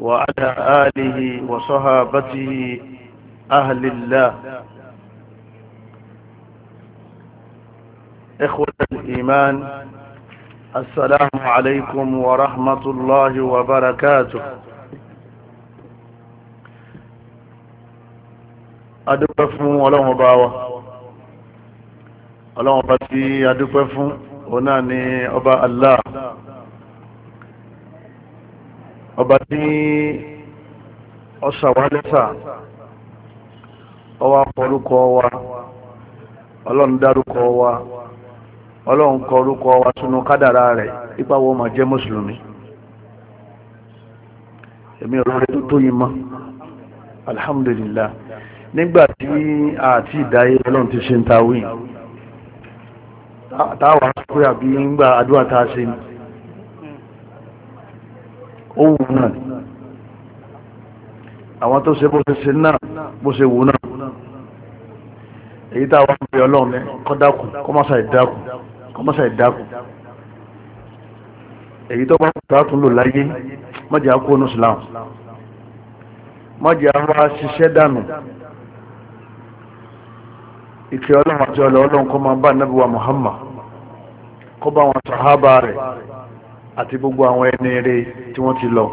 وعلى آله وصحابته أهل الله إخوة الإيمان السلام عليكم ورحمة الله وبركاته adúpẹ́ fún ọlọ́run ọba wa ọlọ́run ọba tí adúpẹ́ fún òun náà ọba tí ọ̀sàwálẹ́sà ọwá kọrúkọ wa ọlọ́run dárúkọ wa ọlọ́run kọrúkọ wa sínú kádàrá rẹ̀ ipa wo ma jẹ́ mùsùlùmí èmi ọ̀rọ̀ tó tó yìí mọ́ alhamdulillah nígbà tí ọlọ́run ti ṣe ń ta wí táwa pé àbí ń gba ngba tá a ṣe ni ó wù náà àwọn tó ṣe bó ṣe ṣe náà bó ṣe wù náà èyí tá a wá ń bẹ ọlọ́run kọ́ dákun kọ́ mọ́sá ìdákun kọ́ mọ́sá ìdákun èyí tó bá kùtà tún lò láyé mọ́jà kó nù Islam mọ́jà wá ṣiṣẹ́ dànù ìkẹ́ ọlọ́run àti ọlọ́run kọ́ máa bá nàbíwá Muhammad kọ́ bá wọn sàhábà rẹ̀ àti gbogbo àwọn ẹni rẹ̀ tí wọ́n ti lọ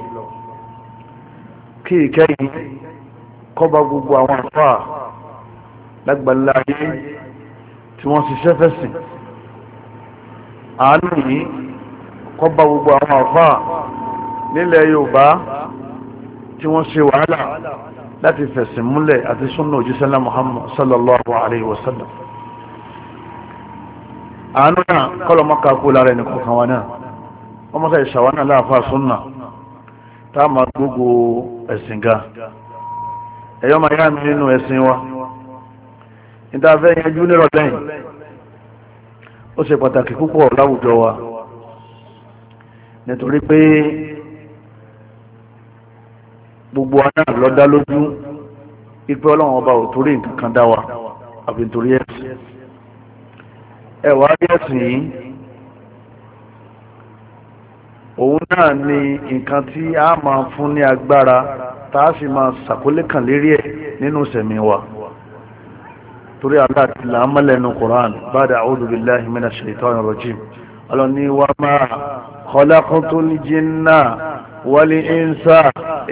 kí ìkẹyìn kọba gbogbo àwọn àfà lágbàlá ayé tí wọ́n ṣiṣẹ́ fẹ̀sìn àánú yìí kọba gbogbo àwọn àfà nílẹ̀ Yorùbá tí wọ́n ṣe wàhálà láti fẹ̀sìn múlẹ̀ àti súnà òjísẹ́lá Muhammad sallallahu alayhi wa sallam àánú náà kọlọmọkà kú lára ẹnì wa náà wọ́n mọ́ta ìṣàwánà láàfáà súnà tá a máa gbogbo ẹ̀sìn ga ẹ̀yọ́ máa yá mi nínú ẹ̀sìn wa níta fẹ́ yanjú nírọ̀lẹ́yìn ó ṣe pàtàkì púpọ̀ láwùjọ wa nítorí pé gbogbo aná lọ́dá lójú ipe ọlọ́run ọba ò torí nǹkan dá wa àbí nítorí ẹ̀sìn ẹ̀wà rí ẹ̀sìn yìí òun náà ni nǹkan tí a máa fún ní agbára tá a sì máa ṣàkólé kan lérí ẹ̀ nínú sẹ̀mí wa torí Allah ti là á mọ́lẹ̀ nu Quran ba'da a'udhu billahi minash shaitanir rajim ọlọ́ni wa ma khalaqtul jinna wal insa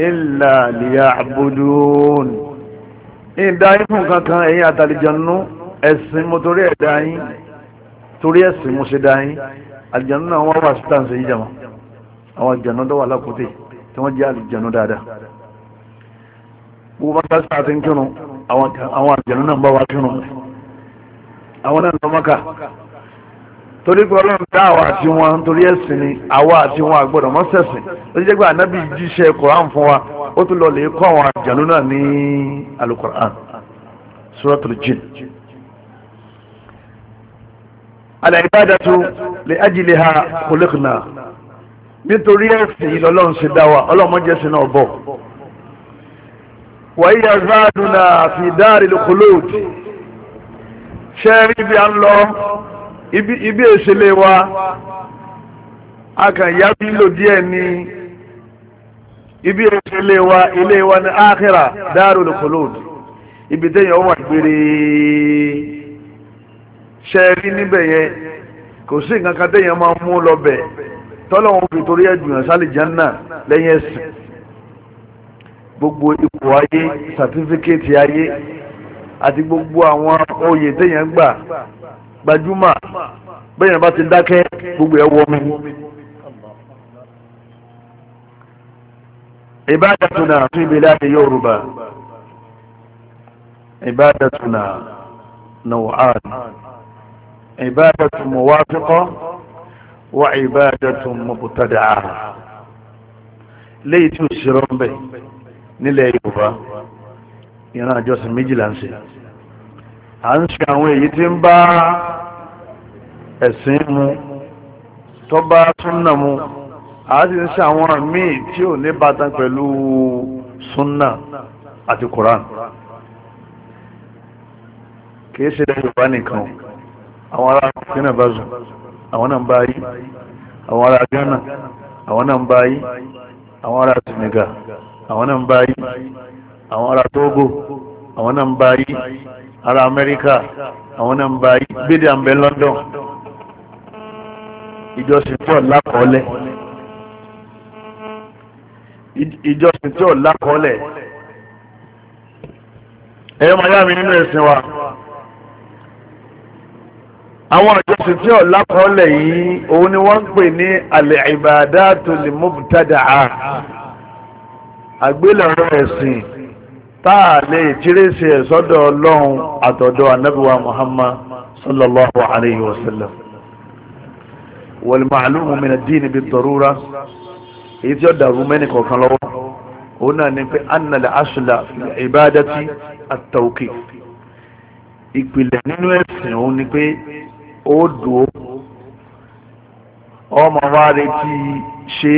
illa liya'budun ìdá yín fún kankan ẹ̀yin àtàlìjọ́nú ẹ̀sìn mo torí ẹ̀dá yín torí ẹ̀sìn mo ṣe dá yín àlìjọ́nú náà wọ́n wà sí tàǹsì yìí jàmọ́ àwọn àjànú tó wà lákòótè tí wọ́n jẹ́ àlìjànú dáadáa gbogbo bá sáà ti ń kírun àwọn àjànú náà ń bá wa kírun àwọn náà lọ mọ́kà torí pé ọlọ́run dá àwa àti wọn torí ẹ̀sìn ni àwa àti wọn àgbọ̀dọ̀ mọ́ sẹ̀sìn ó ti jẹ́ pé ànábì jíṣẹ́ koran fún wa ó tún lọ lè kọ́ àwọn àjànú náà ní alukoran suratul jin al-ibadatu li ajliha khuliqna nítorí ẹ̀sìn yìí lọ́lọ́run ṣe dá wa ọlọ́mọdé ṣe náà bọ̀. wàyí yazaduna fi dáàrí lókolóòtì ṣe rí bí a ń lọ ibi èṣèlè wa a kàn yá bí lò díẹ̀ ní ibi èṣèlè wa ilé wa ní ákìrà dáàrí lókolóòtì ibi téèyàn wà gbére ṣe rí níbẹ̀ yẹn kò sí nǹkan kan téèyàn máa mú lọ bẹ̀ tọ́lọ́wọ́n fi torí ẹ̀dùn sálì jẹ́nà lẹ́yìn ẹ̀sìn gbogbo ipò ayé sàtífíkẹ́ẹ̀tì ayé àti gbogbo àwọn oyè téèyàn gbà gbajúmọ̀ bẹ́yàn bá ti dákẹ́ gbogbo ẹ̀ wọmi. ìbádàtúnà fún ìbílẹ̀ àti Yorùbá ìbádàtúnà nàwọ̀ àrùn ìbádàtúnà wàásùkọ́. wa ibadatun mubtada'a léyìí tí ó ṣe rọ́ńbẹ̀ nílẹ̀ yorùbá ìran àjọsìn méjìlá ń ṣe à ń ṣe àwọn èyí tí ń bá ẹ̀sìn mu tó bá súnà mu à sì ń ṣe àwọn míì tí ò ní bàtàn pẹ̀lú súnà àti koran kìí ṣe lẹ́yìn yorùbá nìkan àwọn ará kìnnà bá àwọn náà ń bá Ghana àwọn náà ń àwọn ará Senegal àwọn àwọn Togo àwọn náà ń bá yí ará àwọn náà ń London ìjọsìn tí ò ma ya ẹ̀yọ́ nínú ẹ̀sìn wa. àwọn àjọsìn tí ọ̀la kọ́lẹ̀ yìí òun ni wọ́n ń pè ní al-ibadatul mubtada'a àgbélẹ̀rọ ẹ̀sìn tá a lè jírèsì ẹ̀sọ́dọ̀ ọlọ́run àtọ̀dọ̀ anábìwá muhammad sallallahu alayhi wa sallam wal ma'lumu min ad-din bid-darura èyí tí ó dàrú mẹ́ni kọ̀ọ̀kan lọ́wọ́ òun náà ni pé anna al-asla fil-ibadati ìpìlẹ̀ nínú ẹ̀sìn òun ni pé ó dùn ó ọmọ wa retí ṣe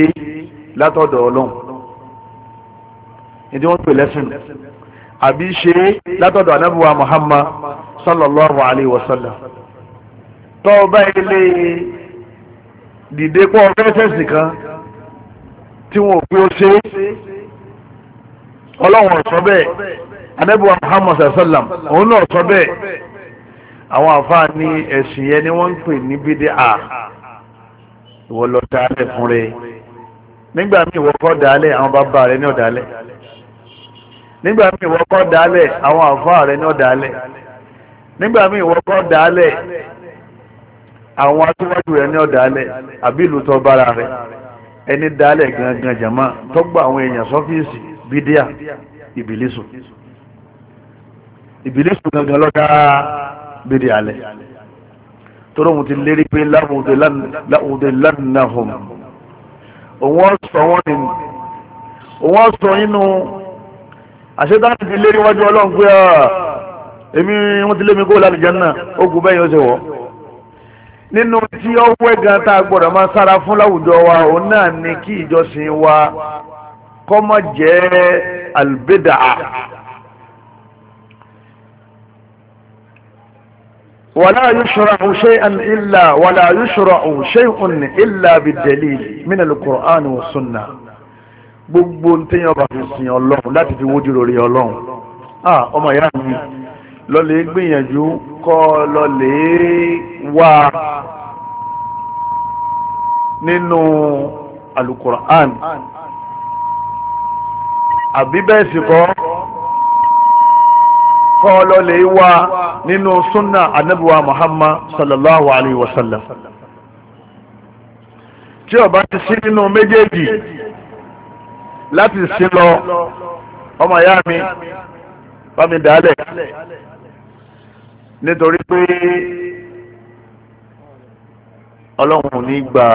látọ̀dọ̀ ọlọ́run ní tí wọ́n pè lẹ́sìn àbí ṣe látọ̀dọ̀ anábùwà Muhammad sallallahu alayhi wa sallam tọ́ ọba ilé dìde pọ̀ fẹ́sẹ̀sì kan tí wọn ò pé ó ṣe ọlọ́run ọ̀sọ́ bẹ́ẹ̀ anábùwà Muhammad sallallahu alayhi wa sallam òun náà ọ̀sọ́ bẹ́ẹ̀ àwọn àfáà ní ẹ̀sìn yẹn ni wọ́n ń pè ní bídé à ìwọ lọ dálẹ̀ fún rẹ nígbà míì ìwọ kọ́ dálẹ̀ àwọn bàbá rẹ ní ọ̀dálẹ̀ nígbà míì ìwọ kọ́ dálẹ̀ àwọn àfáà rẹ ní ọ̀dálẹ̀ nígbà míì ìwọ kọ́ dálẹ̀ àwọn aṣíwájú rẹ ní ọ̀dálẹ̀ àbí ìlú tó bára rẹ ẹni dálẹ̀ gangan jàmá tọ́gbà àwọn èèyàn sọ́fíìsì bídíà ìbílísù ìbílísù gangan lọ́dá bídí alẹ́ torí òun ti lérí pé láwùdé lánàhùn òun ọ̀sọ̀ wọn ni òun ọ̀sọ̀ inú àṣetáni ti lérí wájú ọlọ́run pé ah, èmi wọ́n ti lé mi kó lálùjánnà ó kù bẹ́ẹ̀ yóò ṣe wọ́ nínú tí ó wẹ́ gan tá a gbọ́dọ̀ máa sára fún láwùjọ wa òun náà ni kí ìjọsìn wa kó má jẹ́ àlùbẹ́dàá. ولا يشرع شيئا إلا ولا يشرع شيء إلا بالدليل من القرآن والسنة gbogbo ntẹ́yìn ọba fi sin ọlọ́run láti fi wójú lórí ọlọ́run ah ọmọ ìyá mi lọ́lẹ̀ gbìyànjú kọ́ lọ́lẹ̀ wá nínú alukur'an àbí bẹ́ẹ̀ sì kọ́ kọ́ lọ́lẹ̀ wá nínú sunna anabiwa muhammad sallallahu alayhi wa sallam tí ó bá ti sí nínú méjèèjì láti sí lọ ọmọ ìyá mi bá mi dálẹ̀ nítorí pé ọlọ́run ní gba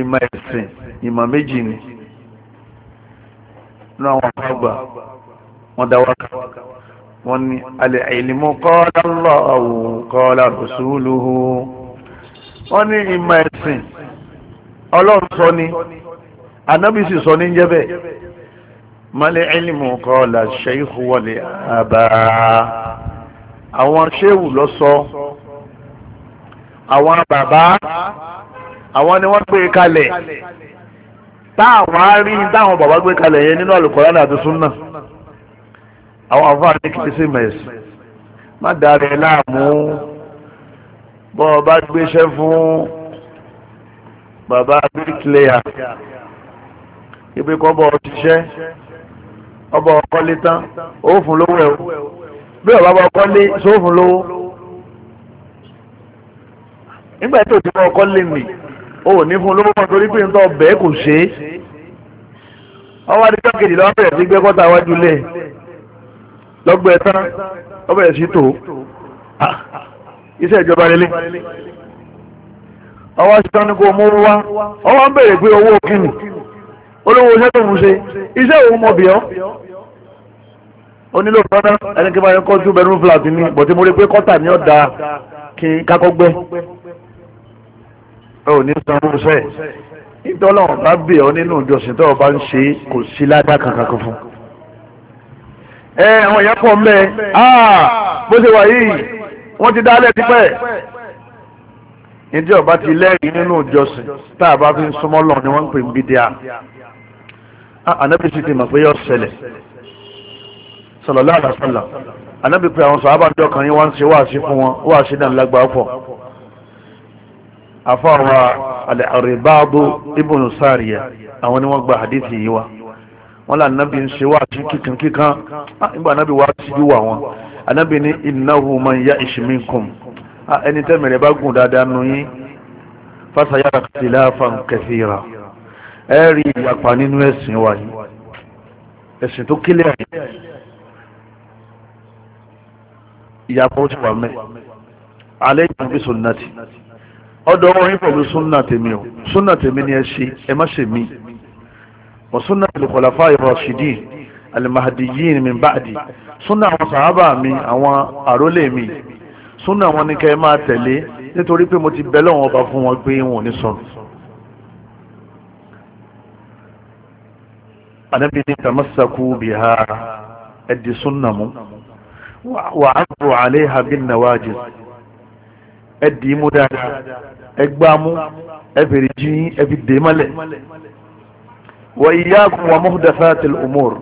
ìmọ̀ ẹ̀sìn ìmọ̀ méjì ni nínú àwọn àgbà wọ́n dá wákà wọ́n ní alẹ́ ìlímú qala Allahu qala rasuluhu wọ́n ní ìmọ̀ ẹ̀sìn ọlọ́run sọ ni anábì sì sọ ní jẹ́ bẹ́ẹ̀ mọ́lẹ̀ ìlímú qala shaykhu wal àbá àwọn ṣéwù lọ sọ àwọn bàbá àwọn ni wọ́n gbé kalẹ̀ táwọn á táwọn bàbá gbé kalẹ̀ yẹn nínú àlùkò lánàá àti súnà àwọn àfáà ní kìí sí mẹ̀sì má dàrẹ̀ láàmú bọ́ ọ bá gbéṣẹ́ fún bàbá bíríkìlẹ́yà ibi kọ́ bọ́ ọ ṣiṣẹ́ ọba ọkọ́lé tán ó fún lówó ẹ̀ bí ọba bá ọkọ́lé ṣó fún lówó nígbà tó ti bá ọkọ́lé mi ó ní fún lówó kan torí pé ń tọ́ kò ṣe é ọwọ́ adigun kejì lọ́wọ́ bẹ̀rẹ̀ sí gbẹ́kọ́ta wájú lẹ́ẹ̀ lọ́gbọ́ ẹ̀ tán ọbẹ̀ ẹ̀ sí tò ah, iṣẹ́ ìjọba lélẹ̀ ọwọ́ ṣetán ni kò mú wá ọwọ́ ń bèrè pé owó kìnnì olówó iṣẹ́ tó ń ṣe iṣẹ́ òun mọ̀ bíọ́ onílò fọ́nà ẹni kí n máa yẹ kọ́ two bedroom flat ni bọ̀tí mo rí pé kọ́tà ni ó da kí n kákọ́gbẹ́ ò ní sanwó sẹ́ẹ̀ nítorí ọ̀hún bá bì ọ́ nínú ìjọsìn tó o bá ń ṣe kò sí ládàá kankan fún un ẹ àwọn èèyàn pọ̀ mẹ́ ah, bó ṣe wà yìí wọ́n ti dálẹ̀ tipẹ́ ìdí ọba ti lẹ́rìí nínú ìjọsìn tá a bá fi ń súnmọ́ lọ ni wọ́n ń pè ń bídíà anabi ah, sì ti mọ̀ pé yóò ṣẹlẹ̀ sallallahu alaihi wasallam anabi pé àwọn sọ̀rọ̀ àbájọ kan yín wá ń ṣe wáàsí fún wọn wáàsí náà lágbàá pọ̀ afọ́ àwọn al-Irbaad ibn Sariyah àwọn ni wọ́n gba hadith yìí wá wọn là nàbì ń ṣe wáàsí kíkan kíkan ah, nígbà nàbì wá sí bí wà wọn ànàbì ní innahu man ya'ish minkum ah, ẹni tẹ́mẹ̀rẹ̀ bá gùn dáadáa nù yín fasayara ikhtilafan kathira ẹ rí ìyapa nínú ẹ̀sìn wa yìí ẹ̀sìn tó kílẹ̀ yìí ìyapa ó ti wà mẹ́ alẹ́ ìtàn bí sunnati ọ̀dọ̀ wọn yìí pẹ̀lú sunna tèmi o sunna tèmi ni ẹ ṣe ẹ má ṣe mí. وسنة الخلفاء الراشدين المهديين من بعدي سنة وصحابة مي أو أرولي مي súnà wọn ní kẹ́ máa tẹ̀lé nítorí pé mo ti bẹ̀ lọ́wọ́ ọba fún wọn pé wọn ò ní sọnù. anabi ní tamasaku biha ẹdi súnà mu wà á bò àlẹ́ habi nàwájì ẹdi mú dáadáa ẹgbàá mú ẹbẹ̀rẹ̀ jí ẹbí dè mọ́lẹ̀ wa iyyakum wa muhdathatil umur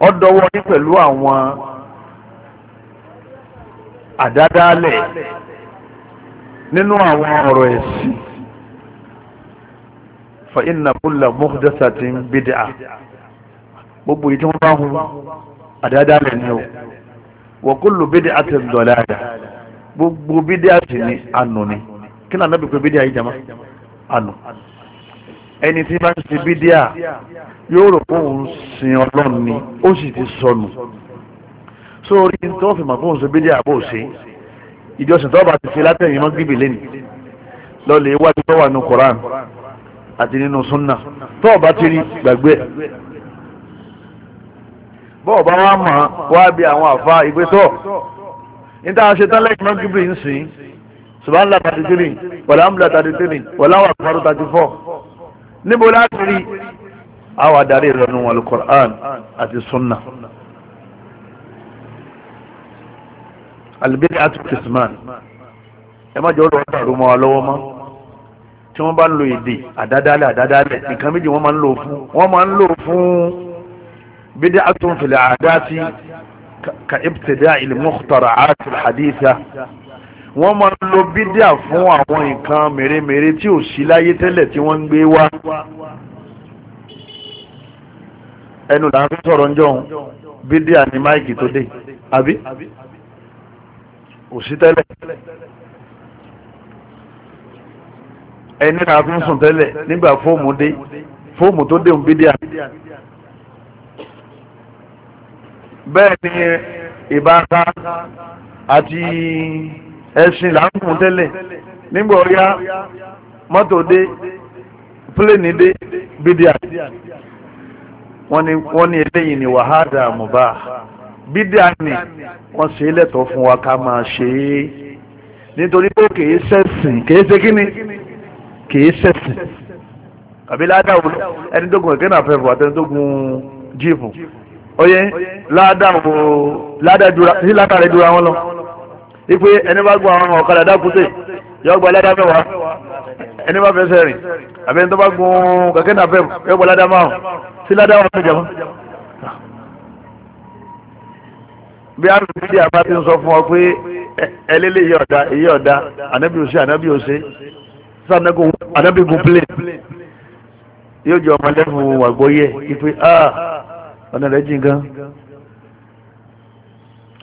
ọ dọwọ́ yín pẹ̀lú àwọn àdádálẹ̀ nínú àwọn ọ̀rọ̀ ẹ̀sìn fa inna kulla muhdathatin bid'a gbogbo yìí tí wọ́n bá hun àdádálẹ̀ ni o wa kullu bid'atin dalalah gbogbo bídíà sì ni ànú ni kí ni ànábì pé bídíà yìí ànú ẹni tí bá ṣe bídíà yóò rò pé òun sin ọlọ́run ni ó sì ti sọnù sórí tó fi mọ̀ pé òun ṣe bídíà bó ṣe ìjọsìn tó bá ti ṣe látẹ̀yìn mọ́ gbìbì lẹ́nu lọ́lẹ̀ iwájú tó wà nínú Koran àti nínú Sunna tó bá ti rí gbàgbé bọ́ọ̀ bá wá mọ̀ wá bí àwọn àfa ìgbé tọ́ níta ṣe tán lẹ́yìn mọ́ gbìbì ń sìn subhanallah thirty three wàlámùlá thirty three wàláwà kọ́rọ́ thirty four níbo láti rí àwọn adarí ìrọ̀nù wọn alukur'an àti sunna albidi àti kisman ẹ má jẹ́ olùwọ́n tààrù mọ́ wa lọ́wọ́ mọ́ tí wọ́n bá ń lo èdè àdádálẹ̀ àdádálẹ̀ nǹkan méjì wọ́n máa ń lò fún wọ́n máa ń lò fún bídí àtúnfìlẹ̀ àdá sí ka ibtida'i al-mukhtara'at al wọ́n máa ń lo bídíà fún àwọn nǹkan mèremère tí ò sí láyé tẹ́lẹ̀ tí wọ́n ń gbé wá ẹnu là ń fi sọ̀rọ̀ ń jọun bídíà ni máìkì tó dé àbí ò sí tẹ́lẹ̀ ẹni là ń fi sùn tẹ́lẹ̀ nígbà fóòmù dé fóòmù tó dé ń bídíà bẹ́ẹ̀ ni ìbáka àti ẹ̀sìn là ń kún tẹ́lẹ̀ nígbà ọ̀yá mọ́tò dé pílẹ̀nì dé bídíà wọ́n ní wọ́n eléyìí ní wàhádà àmùbá bídíà ni wọ́n ṣe é lẹ́tọ̀ọ́ fún wa ká máa ṣe é nítorí pé kìí ṣẹ̀sìn kìí ṣe kíni kìí ṣẹ̀sìn àbí ládàá ẹni tó gun kẹ̀kẹ́ fẹ́ fún àtẹni tó gun jíìpù ó ládàá wo ládàá dura sí ládàá rẹ dura wọn lọ ipe ẹni bá gun àwọn ọ̀kadà dákúté yọ gba ládá mẹ́wàá ẹni bá fẹsẹ̀ rìn àbẹ́ ẹni tó bá gun kẹ̀kẹ́ náà fẹ́m yọ gba ládá márùn sí ládá wọn ní jàmá. bí a nù sí àbá ti ń sọ fún ọ pé ẹlẹ́lẹ́ yìí ọ̀dà èyí ọ̀dà ànábì òsè ànábì òsè sànàgò ànábì gun plé yóò jẹ ọmọ lẹ́fún àgbọ́yé ipe ọ̀nà rẹ̀ jìn gan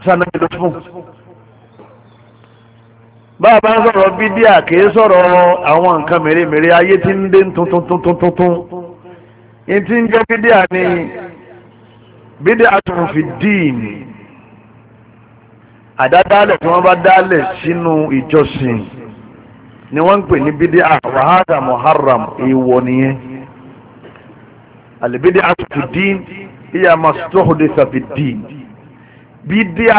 sànàgò lọ́sùn. bá a bá ń sọ̀rọ̀ bídíà kìí sọ̀rọ̀ àwọn nǹkan mèremère ayé tí ń dé tuntun tuntun tuntun yìí tí ń jẹ́ bídíà ni bídíà tó fi díìnì àdádálẹ̀ tí wọ́n bá dálẹ̀ sínú ìjọsìn ni wọ́n ń pè ní bídíà wàhálà muharram ìwọ nìyẹn àlèbídíà tó ìyá fi bídíà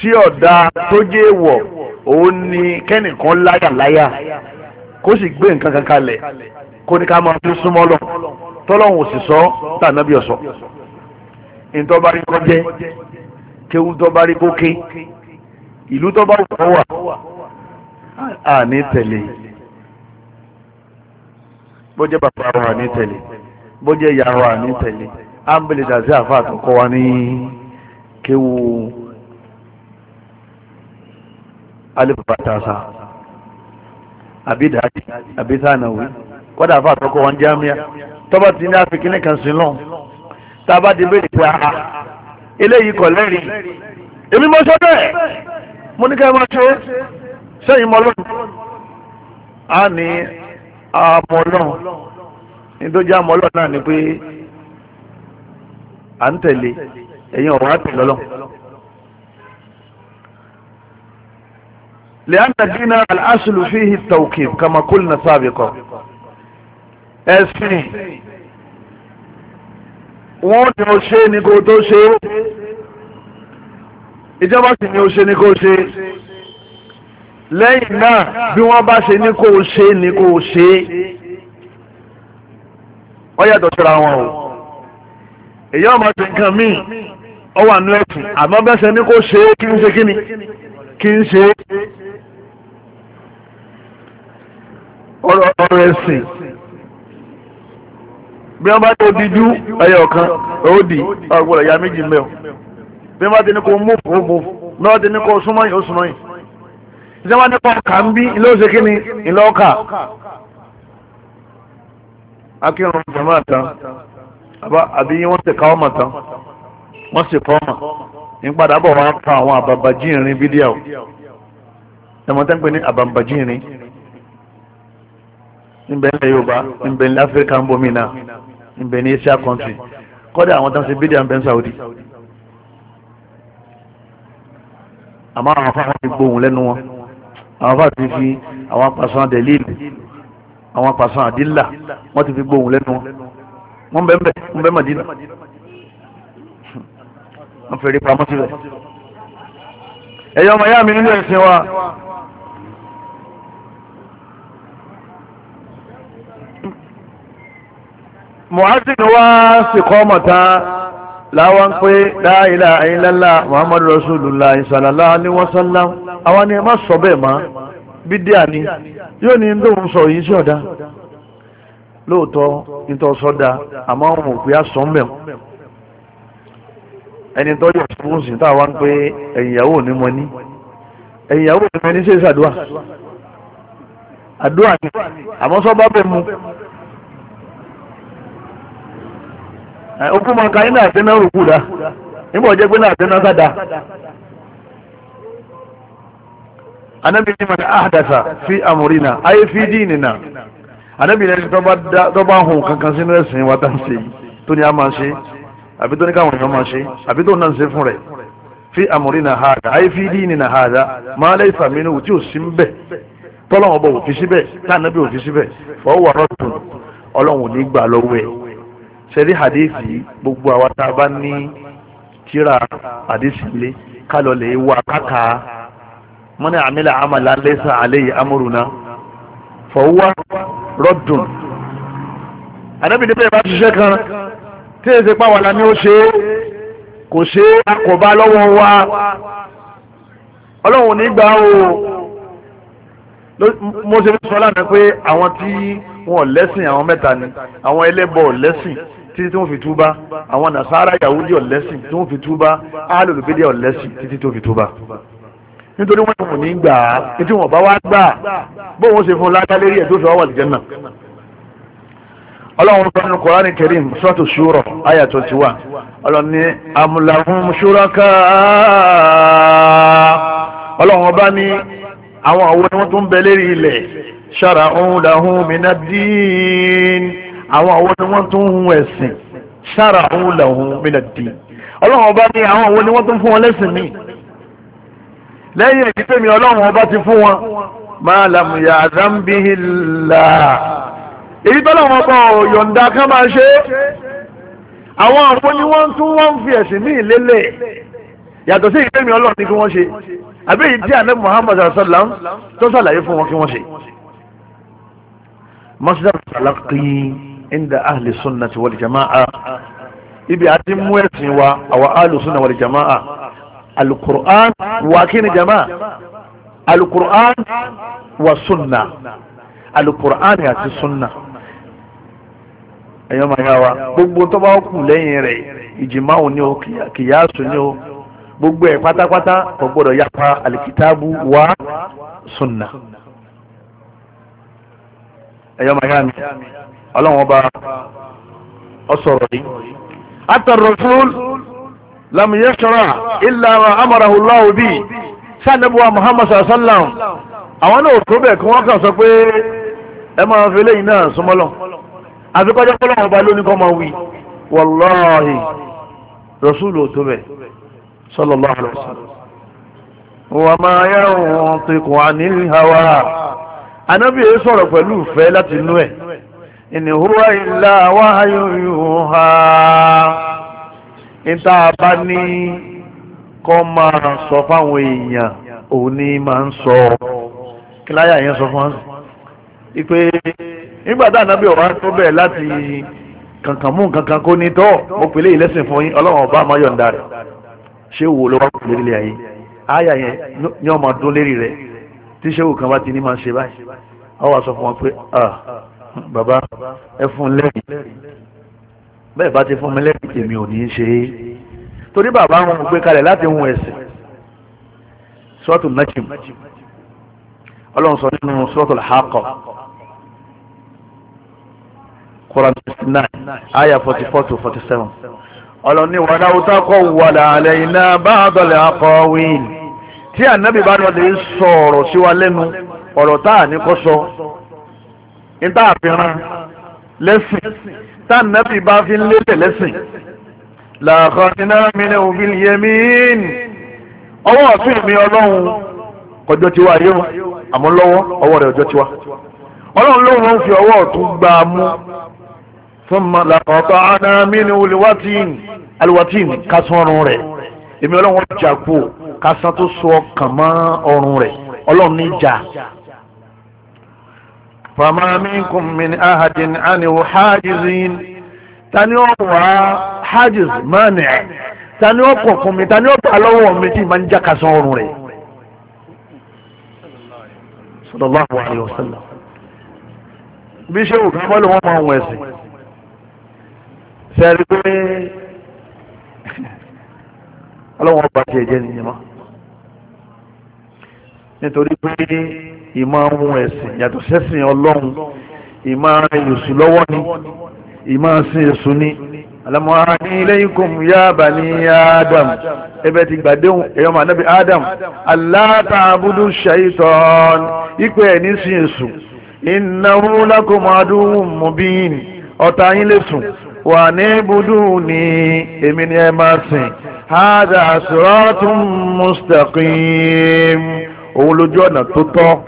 tí ọ̀dà tó jẹ́ èèwọ̀ òun ni kẹ́nìkan láyàláyà kó sì gbé nǹkan kan kalẹ̀ kó ní ká máa fi súnmọ́ lọ tọ́lọ́hún òsì sọ tànàbí ọ̀sọ́ ìtọ́bárí kọjẹ́ kéwú tọ́bárí kókè ìlú tọ́bárí kọ́wà àní tẹ̀lé bójẹ́ bàbá wa àní tẹ̀lé bójẹ́ ìyá wa àní tẹ̀lé ámbìlì àfa àtọkọ wa ní kéwú alif fatasa àbí dàdí àbí sànàwí kọ́dà fà tọkọ wọn jámíà tọ́ba ti ní àfikín ní kan sí lọ́n tá a bá di bẹ́ẹ̀ pé aha eléyìí kọ̀ lẹ́rìí èmi mọ́ sọ bẹ́ẹ̀ mo ní ká máa ṣe sẹ́yìn mọ́ lọ́nà á ní àmọ́ lọ́n ní tó jẹ́ náà ni pé à ń tẹ̀lé ẹ̀yin ọ̀rọ̀ á tẹ̀lé lẹ́yìn dínà aláṣùlù fíhì tawkif kamakul na sábìkọ ẹ̀sìn wọ́n ní o ṣe ni kò tó ṣe ìjọba sì ni o ṣe ni kò ṣe lẹ́yìn náà bí wọ́n bá ṣe ni kò ṣe ni kò ṣe ó yàtọ̀ síra wọn o èyí ọmọ ti nǹkan míì ó wà nú ẹ̀sìn àmọ́ bẹ́sẹ̀ ni kò ṣe kí n ṣe kí ni kí n ṣe é. ọ̀rọ̀ ọ̀rọ̀ ẹ̀sìn bí wọ́n bá tó díjú ẹyọ kan òdì ọ̀gbọ̀n ẹ̀yà méjì mẹ́ o bí wọ́n bá ti ní kó mú kó mú bí wọ́n ti ní kó súnmọ́ yìí ó súnmọ́ yìí ìjọba ní kó kà ń bí ilé òsè kí ni ilé ọkà akínrun jama tán àbí wọ́n ti ká ọmọ tán wọ́n sì kọ́ ọmọ nígbàdàbọ̀ wọn pa àwọn àbàbàjìnrin fídíò ẹ̀mọ́tẹ́ ń pè ní àbàbàjìnrin nbẹ ní Yorùbá nbẹ ní Áfíríkà nbomina nbẹ ní Asia country kọ́dà àwọn tán ṣe bídíà nbẹ ní Saudi àmọ́ àwọn afáwọn ti gbóhùn lẹ́nu wọn àwọn afáwọn ti fi àwọn apàṣán dẹ̀líìlì àwọn apàṣán àdílà wọ́n ti fi gbóhùn lẹ́nu wọn wọ́n bẹ́ẹ̀ bẹ́ẹ̀ wọ́n bẹ́ẹ̀ Màdínà wọ́n fèrè pamọ́ síbẹ̀ ẹ̀yọ́ ọmọ yá mi nínú ẹ̀sìn wa. muhammad wa sìkọ́ mọ̀ta láwọn pé la ilaha illallah muhammad rasulullah sallallahu alaihi wasallam àwọn ni má sọ bẹ́ẹ̀ má bídíà ni yóò ní tó ń sọ yìí sí ọ̀dá lóòótọ́ nítọ́ sọ́dá àmọ́ òun ò pé àsọ mẹ́wọ̀n ẹni tó yọ fúnsì táwa ń pé ẹ̀yìnyàwó ni mo ní ẹ̀yìnyàwó ni mo ní ṣe é ṣàdúrà àdúrà ni àmọ́ sọ́ bá bẹ̀ mu ọkụ mọ ká iná na rúkú dá nígbà ọjọ́ pé náà na sáda anabi ni man ahdasa fi amurina ayé fi dínìna na ni ẹni tó bá kankan si ẹ̀sìn wa tá ń ṣe a ma ṣe àbí tó ní káwọn èèyàn máa ṣe fi amurina hada ayé fi dínìna hada o o sẹ́rí hadithi gbogbo àwa tá a bá ní tíra hadithi lé kálọ̀ lè wá káka mọ́nà àmìlà àmàlà lẹ́sà àlẹ́yìí amúruna fọwọ́ rọ́dùn. ànábìdí bẹ́ẹ̀ bá ṣiṣẹ́ kan tí èsì pàwọ́lá ni ó ṣe é kò ṣe é akọ̀bá lọ́wọ́ wa ọlọ́run nígbà o mo ṣe fi sọ lánàá pé àwọn tí wọn lẹ́sìn àwọn mẹ́ta ni àwọn ẹlẹ́bọ lẹ́sìn títí tí wọ́n fi túbá àwọn nasara yahudi ọ̀lẹ́sìn tí wọ́n fi túbá alolùbídé ọ̀lẹ́sìn títí tí wọ́n fi túbá nítorí wọn kò ní gbà á títí wọn bá wá gbà bó wọn ṣe fún lágbálérí ẹ̀ tó fi wá wà lìjẹ́ náà ọlọ́run fún ẹnu kọ́ránì karim sọ́tù ṣúrọ̀ ayà twenty one ọlọ́run ní amúlàfún ṣúrọ́ká ọlọ́run ọba ní àwọn àwọn ẹni wọ́n tún bẹ lérí ilẹ̀ ṣàràhùn làhùn mìíràn dín àwọn àwọn ni wọ́n tún hun ẹ̀sìn ṣàràhùn làhùn mìíràn dín ọlọ́run ọba ní àwọn àwọn ni wọ́n tún fún wọn lẹ́sìn míì lẹ́yìn èyí tèmi ọlọ́run ọba ti fún wọn máa làmùyà àdámbìhìlà èyí tọ́lọ́run ọba yọ̀ǹda kan máa ṣe àwọn àwọn ni wọ́n tún wọ́n fi ẹ̀sìn míì lélẹ̀ yàtọ̀ sí èyí tèmi ọlọ́run ni kí wọ́n ṣe àbí èyí tí àná Muhammad sallam tó sàlàyé fún wọn kí wọ́n ṣe masdar talaqi inda ahli sunnati wal jama'a ibi àti mú ẹ̀sìn wa àwọn ahli sunnati wal jama'a alukur'an wa kí ni jama'a alukur'an wa sunna alukur'an àti sunna ẹ̀yọ́ máa yá wa gbogbo tó bá kù lẹ́yìn rẹ̀ ìjìmá ò ní o kìyàsù ní o gbogbo ẹ̀ pátápátá kò gbọ́dọ̀ yapa alikitabu wa sunna ẹ̀yọ́ miami ọlọ́run ọba ọsọ̀rọ̀ yìí atọ̀rọ̀fún lamiyẹ́sọ̀rọ̀ ìlànà amọ̀ràhùnláwò bíi sànẹ́bùwà muhammad sallam àwọn náà tó bẹ̀ kí wọ́n kàn sọ pé ẹ máa fi lẹ́yìn náà súnmọ́lọ̀ àfikọ́jọ́ pọ́lọ́wọ́n ọba lónìí kọ́ máa wí wàláhì rọ̀ṣúlù tó bẹ̀ sallallahu alaihi wasallam wa ma yantiqu anil hawa anábì yìí sọ̀rọ̀ pẹ̀lú ìfẹ́ láti inú ẹ̀ in huwa illa wahyun yuha níta bá ní kọ́ máa sọ fáwọn èèyàn òun ni máa ń sọ kíláyà yẹn sọ fún ipe nígbà tá ànábì ọ̀rọ̀ tó bẹ̀ láti kankan mú kankan kó ní tọ́ mo pèlè ìlẹ́sìn fún yín ọlọ́run ọba àmọ́ yọ̀ǹda rẹ̀ ṣé wo ló wá pèlè ilé ayé áyà yẹn ni ọmọ dún lérí rẹ̀ tí ṣéwù kan bá ti ní máa ṣe báyìí ọ wà sọ fún wọn pé ah bàbá ẹ fún lẹ́rìí bẹ́ẹ̀ bá ti fún mi lẹ́rìí èmi ò ní ṣe é torí bàbá wọn gbé kalẹ̀ láti hun ẹ̀sìn sọ́ọ̀tù nàjìm ọlọ́run sọ nínú sọ́ọ̀tù làákọ̀ Quran sixty nine ayah forty four to forty seven ọlọ́run ní wàlá òtákọ̀ wàlá àlẹ́ iná bá àdọ̀lẹ̀ àkọ́wé yìí tí ànábì bá lọ lè sọ ọ̀rọ̀ sí wa lẹ́nu ọ̀rọ̀ tá à ní kọ́ sọ ní tá à fi ran lẹ́sìn tá ànábì bá fi ń lélẹ̀ lẹ́sìn làkàtúndà mi ní òfin yẹmín ọwọ́ ọ̀tún mi ọlọ́run kọjọ́ tiwa ayé wọn àmọ́ lọ́wọ́ ọwọ́ rẹ̀ ọjọ́ tiwa ọlọ́run lóun ló ń fi ọwọ́ ọ̀tún gbà á mú fún làkàtúndà mi ní olùwàtí alùwàtí kásán ọrùn rẹ̀ èmi ọlọ́run jà kú kásán tó so ọkàn mọ́ ọrùn rẹ̀ ọlọ́run ní ìjà. fama minkum min ahadin aniwo hajizin tani ó wà hajiz mani tani ó kọ̀ fún mi tani ó bá lọ́wọ́ mi tí ma ń já kásán ọrùn rẹ̀. sallallahu alayhi wa sallam bí ṣe wù ká mọ́lẹ̀ wọn máa ń wẹ̀ sí. sẹ́ẹ̀rí pé ọlọ́wọ́n bá ti ẹ̀jẹ̀ nìyẹn mọ́ nítorí pé ìmọ̀ ohun ẹ̀sìn yàtọ̀ sẹ́sìn ọlọ́run ìmọ̀ èsù lọ́wọ́ ni ìmọ̀ sin èsù ni alamu ani ilaykum ya bani adam ebe ti gbàdéhùn èyàn máa nábi adam Allah ta'budu shaitan ipe ẹ̀ ní sin èsù innahu lakum aduwwun ọ̀tá yín lè sùn wà ní ibùdó ni èmi ni ẹ máa sìn هذا صراط مستقيم ولجونا تطو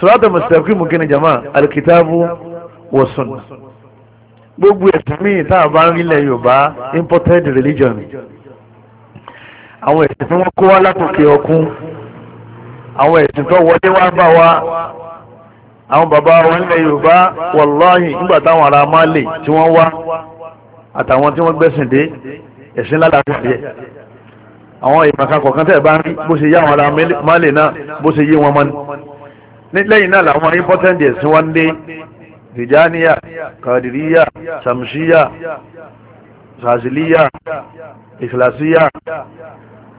صراط مستقيم كنا جماعة الكتاب والسنة gbogbo ẹ̀sìn míì tá a bá ń rílẹ̀ yorùbá imported religion àwọn ẹ̀sìn tí wọ́n kó wá látòkè ọkún àwọn ẹ̀sìn tó wọlé wá bá wa àwọn bàbá wa nílẹ̀ yorùbá wàláhì nígbà táwọn ará máa lè tí wọ́n wá àtàwọn tí wọ́n ẹ̀sìn lálàáfíà yẹ àwọn ìmọ̀ká kọ̀ọ̀kan tẹ̀ bá ń rí bó ṣe yá àwọn ará Málì náà bó ṣe yé wọn mọ́ ni lẹ́yìn náà làwọn important ẹ̀sìn wá ń dé tìjáníyà kàdìríyà sàmùsíyà sàzìlíyà ìfìlàsíyà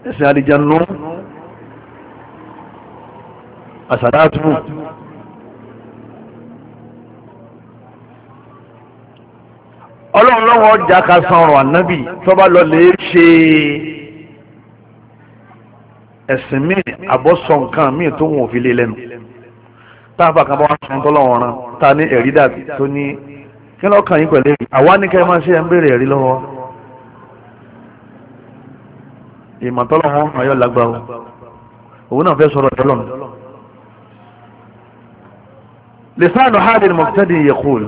ẹ̀sìn àdìjànú àsàdátù ọlọ́run lọ́wọ́ ọjà ka san ọ̀rọ̀ ànábì tọ́ba lọ lè ṣe ẹ̀sìn míì àbọ̀sọ̀ nǹkan míì tó wọn ò fi lé lẹ́nu tá a bá kan bá wọn sọ tọ́lọ́wọ́n rán ta ní ẹ̀rí dàbí tó ní kí lọ́ọ̀kan yín pẹ̀lú ẹ̀rí àwa ní kẹ́rin máa ṣe ẹ̀ ń béèrè ẹ̀rí lọ́wọ́ ìmọ̀tọ́lọ́wọ́n ayọ̀ lágbá o òun náà fẹ́ sọ̀rọ̀ ìtọ́lọ́nù lisanu hadin mọ̀tẹ́dì yẹ̀kùl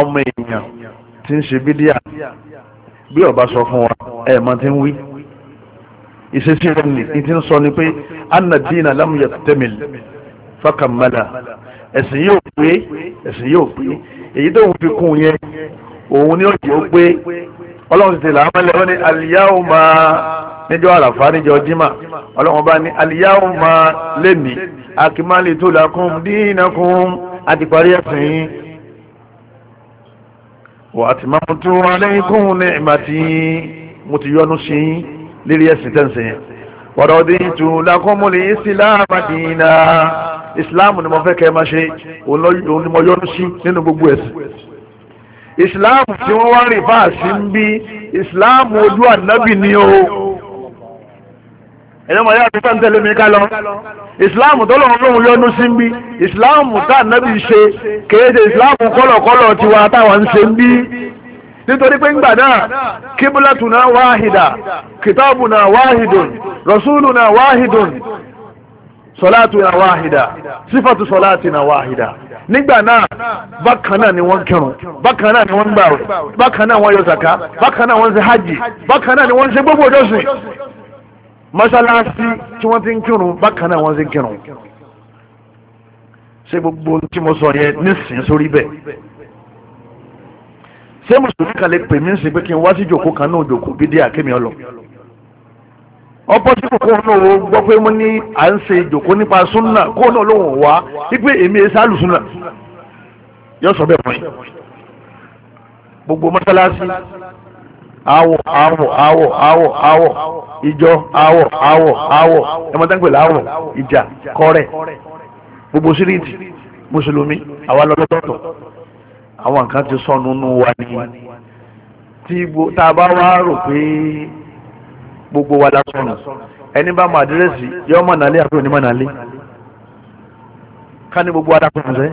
ọmọ èèyàn tí ń ṣe bídíà bí ọba sọ fún wa ẹ mọ tí ń wí ìṣesí rẹ ni ti ń sọ ni pé anadina lamuya tẹmẹlì fakamala ẹsìn yóò pé ẹsìn yóò pé èyí tó ń fi kún yẹn òun ni ó jẹ́ ó pé ọlọ́run ti là á mọ́lẹ̀ wọ́n ní aliyahu máa níjọ́ àràfà níjọ́ jimá ọlọ́run bá ní aliyahu máa lẹ́nìí akimali tó lakum dínakùn àti parí ẹ̀sìn yìí wà á ti máa mú tún aláìkún ní ìgbà tí mo ti yọnu sí i lérí ẹ̀sìn tẹ̀sìn yẹn wàdà ọdún ìtù làkọ́mọlì ìsìláàmù dìínà ìsìláàmù ni mo fẹ́ kẹ́ ẹ máa ṣe òun ni mo yọnu sí nínú gbogbo ẹ̀sìn ìsìláàmù tí wọ́n wá rìn fáàsì ń bí ìsìláàmù ojú ànábì ni o. ẹ̀yọ́ mọ̀ yá àti táǹtẹ̀ mi ká lọ ìsìláàmù tó lọ́wọ́ lóhun sí ń bí ìsìláàmù tá ànábì ṣe kéde kọ́lọ̀kọ́lọ̀ tiwa táwa ń ṣe ń bí nítorí pé ńgbà náà kíbúlátùnà wáhìdà kìtàbùnà wáhìdùn rọ̀súlùnà wáhìdùn sọlátùnà wáhìdà sífàtù sọlátùnà wáhìdà nígbà náà bákan náà ni wọ́n kírun bákan náà ni wọ́n gbààwẹ̀ bákan náà wọ́n yọ zaka bákan náà wọ́n ṣe hajj bákan náà ni wọ́n ṣe mọ́ṣáláṣí tí wọ́n ti ń kírun bákan náà wọ́n ti ń kírun ṣé gbogbo tí mo sọ yẹn nísìnyí sórí bẹ́ẹ̀ ṣé mùsùlùmí kan lè pè mí sí pé kí n wá sí ìjòkó kan náà ìjòkó bídí àkémi ọlọ ọ̀pọ̀ tí kòkó náà ó pé mo ní à ń ṣe ìjòkó nípa súnà kó náà ló wọn wá wípé èmi ẹ e sálù súnà yóò sọ bẹ́ẹ̀ fún yín gbogbo mọ́ṣáláṣí awọ awọ awọ awọ awọ ìjọ awọ awọ awọ ẹmọ tán pèlú awọ ìjà kọrẹ gbogbo síríìtì mùsùlùmí àwa lọ́tọ̀ọ̀tọ̀ àwọn nǹkan ti sọnù nù wa ni tí tá a bá wá rò pé gbogbo wa la sọnù ẹni bá mọ àdírẹ́sì yọ ọmọ àbí onímọ̀ ká ní gbogbo adakọ̀ ṣe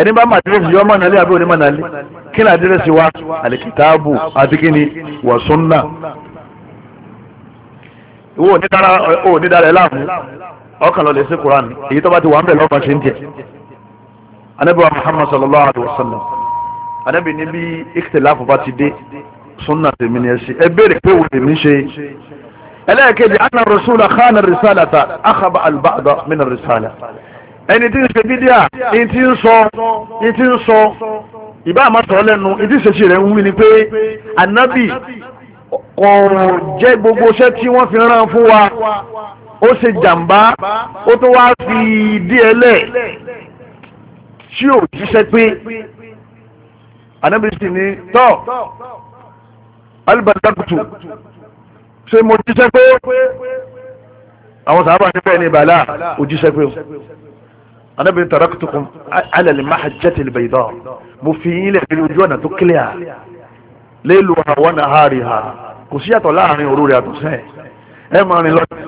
ẹni bá má àdírẹ́sì yọ ọmọ nàlẹ́ àbí onímọ̀ nàlẹ́ kí ni àdírẹ́sì wa àlìkìtàbù àti kí ni wà sunna. ìwọ ò ní dára ò ní dára ẹ láàmú ọkàn lọ lè sí Kùránì èyí tó bá ti wà ń bẹ̀ lọ́kàn ṣe ń tiẹ̀. anabi wa Muhammad sallallahu alayhi wa sallam anabi ní bí ìkìtìláfù bá ti dé sunna tèmi ni ẹ ṣe ẹ béèrè pé wò tèmi ṣe ẹlẹ́ẹ̀kejì anna rasula khana risalata akhaba alba'da min risala ẹni tí ń ṣe bídíà ní ti ń sọ ní ti ń sọ ìbá àmọ́tọ́ lẹ́nu ní ti ṣèṣì rẹ̀ ń wí ni pé ànábì ọ̀rọ̀ jẹ́ gbogbo iṣẹ́ tí wọ́n fi rán fún wa ó ṣe jàǹbá ó tó wá fi díẹ̀ lẹ̀ tí ò jíṣẹ́ pé ànábì sì ní tọ́ alibadakutu ṣe mo jíṣẹ́ pé àwọn sábà níbẹ̀ ni bàlá ò jíṣẹ́ pé o anábìrin taraktukum ala al-mahajjati al-bayda mo fi yín lẹ̀ lórí ojú ọ̀nà tó kílíà layluha wa nahariha kò sí yàtọ̀ láàrin òru rẹ̀ àtọ̀sẹ́ ẹ máa rìn lọ́dún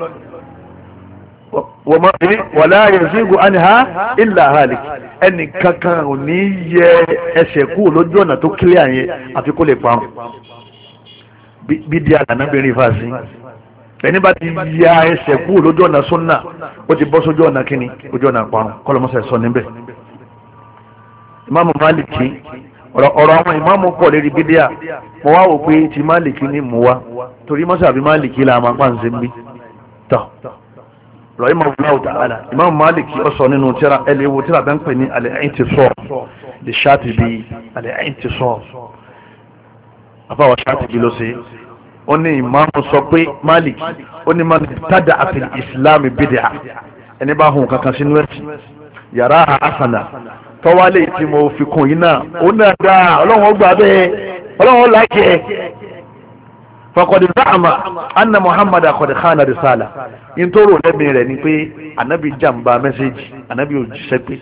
wàlá yẹ̀sígù àníhá ìlà àhàlìk ẹnì kankan ò ní yẹ ẹsẹ̀ kú lójú ọ̀nà tó kílíà yẹn àfi kó lè parun bídí àlànà bìnrin fàásì ẹni bá ti ya ẹsẹ̀ kúrò lójú ọ̀nà sunna ó ti bọ́ sójú ọ̀nà kínní ojú ọ̀nà parun kọ́lọ́mọ́sẹ̀ sọ níbẹ̀ ìmáàmù máàlìkì ọ̀rọ̀ àwọn ìmáàmù pọ̀ lérí bídíà mo wá wò pé ti máàlìkì ní mú wa torí mọ́sàbí máàlìkì la máa pàǹ sí mi tọ̀ rọ̀yìnmọ̀ fúláwù tààlà ìmáàmù máàlìkì ó sọ nínú tíra ẹlẹ́wọ̀ tíra bá ń pè ní al-i'tisam lè ṣáàtì bíi al-i'tisam afáwọ̀ ó ní ìmáàmù sọ pé Malik ó ní man tada fil islam bid'a ẹni bá hùn kankan sínú ẹ̀sìn yàrá àṣànà tọ́wálé tí mo fi kún yín náà ó náà dá ọlọ́run ọgbà bẹ́ẹ̀ ọlọ́run ọlájẹ́ faqad za'ama anna muhammad qad khana risala in tó rẹ̀ ni pé anabi jàǹbá mẹ́sẹ̀gì anabi òjíṣẹ́ pé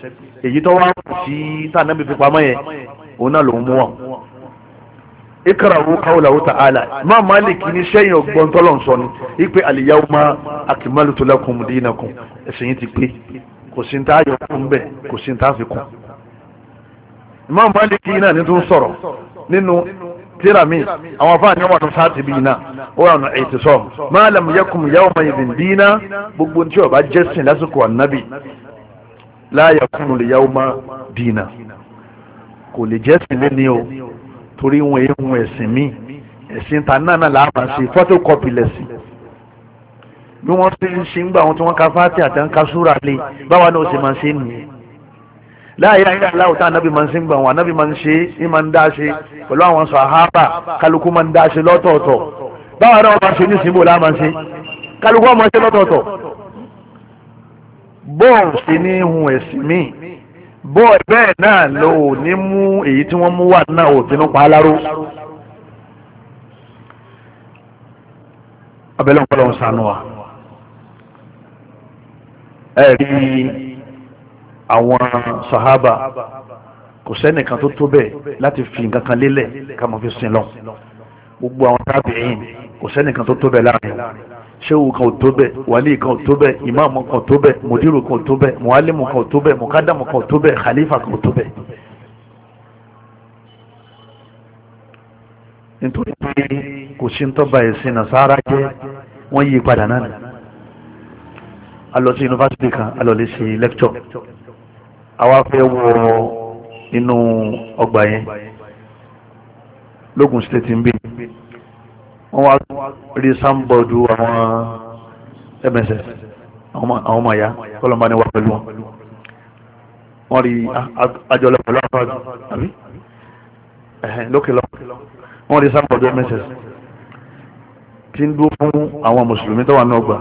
èyí tó wá sí tá anabi fi pamọ́ yẹn òun náà lòún mú wọn ikarahu kawulahu ta'ala ma maliki ni sẹ́yìn ọgbọ́n tọ́lọ̀ ń sọ ni ipe aliyahuma akimalutu lakum dinakum ẹ̀sìn yìí ti pé kò sí ta ayọ̀ kún bẹ́ẹ̀ kò sí ta fi kún. imam maliki náà ni tó ń sọ̀rọ̀ nínú tirami àwọn afáàní wà tó sáà ti iná ó wà nù ètò sọ máàlam yakum yawma idin dina gbogbo tí ó bá jẹ́sìn lásìkò ànábì la yakunu liyawma dina kò lè jẹ́sìn lé ní o torí wọn ehun ẹ̀sìn míì ẹ̀sìn ta náà náà làá máa ṣe photocopy lẹ̀sìn bí wọ́n ti ń ṣe ń gbà wọn tí wọ́n ka fáti àti ń ka súra lé báwa náà ó sì máa ṣe nìyẹn láàyè ayé aláwọ̀ tá ànábì máa ń ṣe ń gbà wọn ànábì máa ń ṣe é máa ń dá ṣe pẹ̀lú àwọn sàhábà kálukú máa ń dá ṣe lọ́tọ̀ọ̀tọ̀ báwa náà máa ṣe ní ìsìnbó láà máa ṣe kálukú máa ṣe lọ́tọ̀ọ̀tọ̀ bọ́ọ̀ ṣe ní ihun ẹ̀sìn míì bọ́ bẹ́ẹ̀ náà ló ò ní mú èyí tí wọ́n mú wà náà ò bínú pa á abẹ́lẹ́ nǹkan lọ́wọ́ sànú wa ẹ àwọn sahaba kò sẹ́nìkan tó tó bẹ́ẹ̀ láti fi nǹkan kan lélẹ̀ ká máa fi sin lọ gbogbo àwọn tábìlì kò sẹ́nìkan tó tó bẹ́ẹ̀ láàrin ṣéwù kan tó bẹ́ẹ̀ wàlí kan tó bẹ́ẹ̀ ìmáàmù kan tó bẹ́ẹ̀ mùdírù kan tó bẹ́ẹ̀ mùálímù kan tó bẹ́ẹ̀ mùkádàmù kan tó bẹ́ẹ̀ khalifa kan tó bẹ́ẹ̀. nítorí pé kò sí ń tọ́ba ẹ̀sìn nàṣàrà jẹ́ wọ́n yí padà náà nà a lọ sí yunifásitì kan a lọ lè ṣe lẹ́kítọ̀ àwa fẹ́ wọ inú ọgbà yẹn lógun state ń bí wọ́n wá rí sáńbọ̀dù àwọn mss àwọn ọmọ ìyá kọ́lọ́mbà ni wà pẹ̀lú wọn wọ́n rí àjọlọ pẹ̀lú àwọn àbí lókè lọ wọ́n rí sáńbọ̀dù mss tí ń dúró fún àwọn mùsùlùmí tó wà náà gbà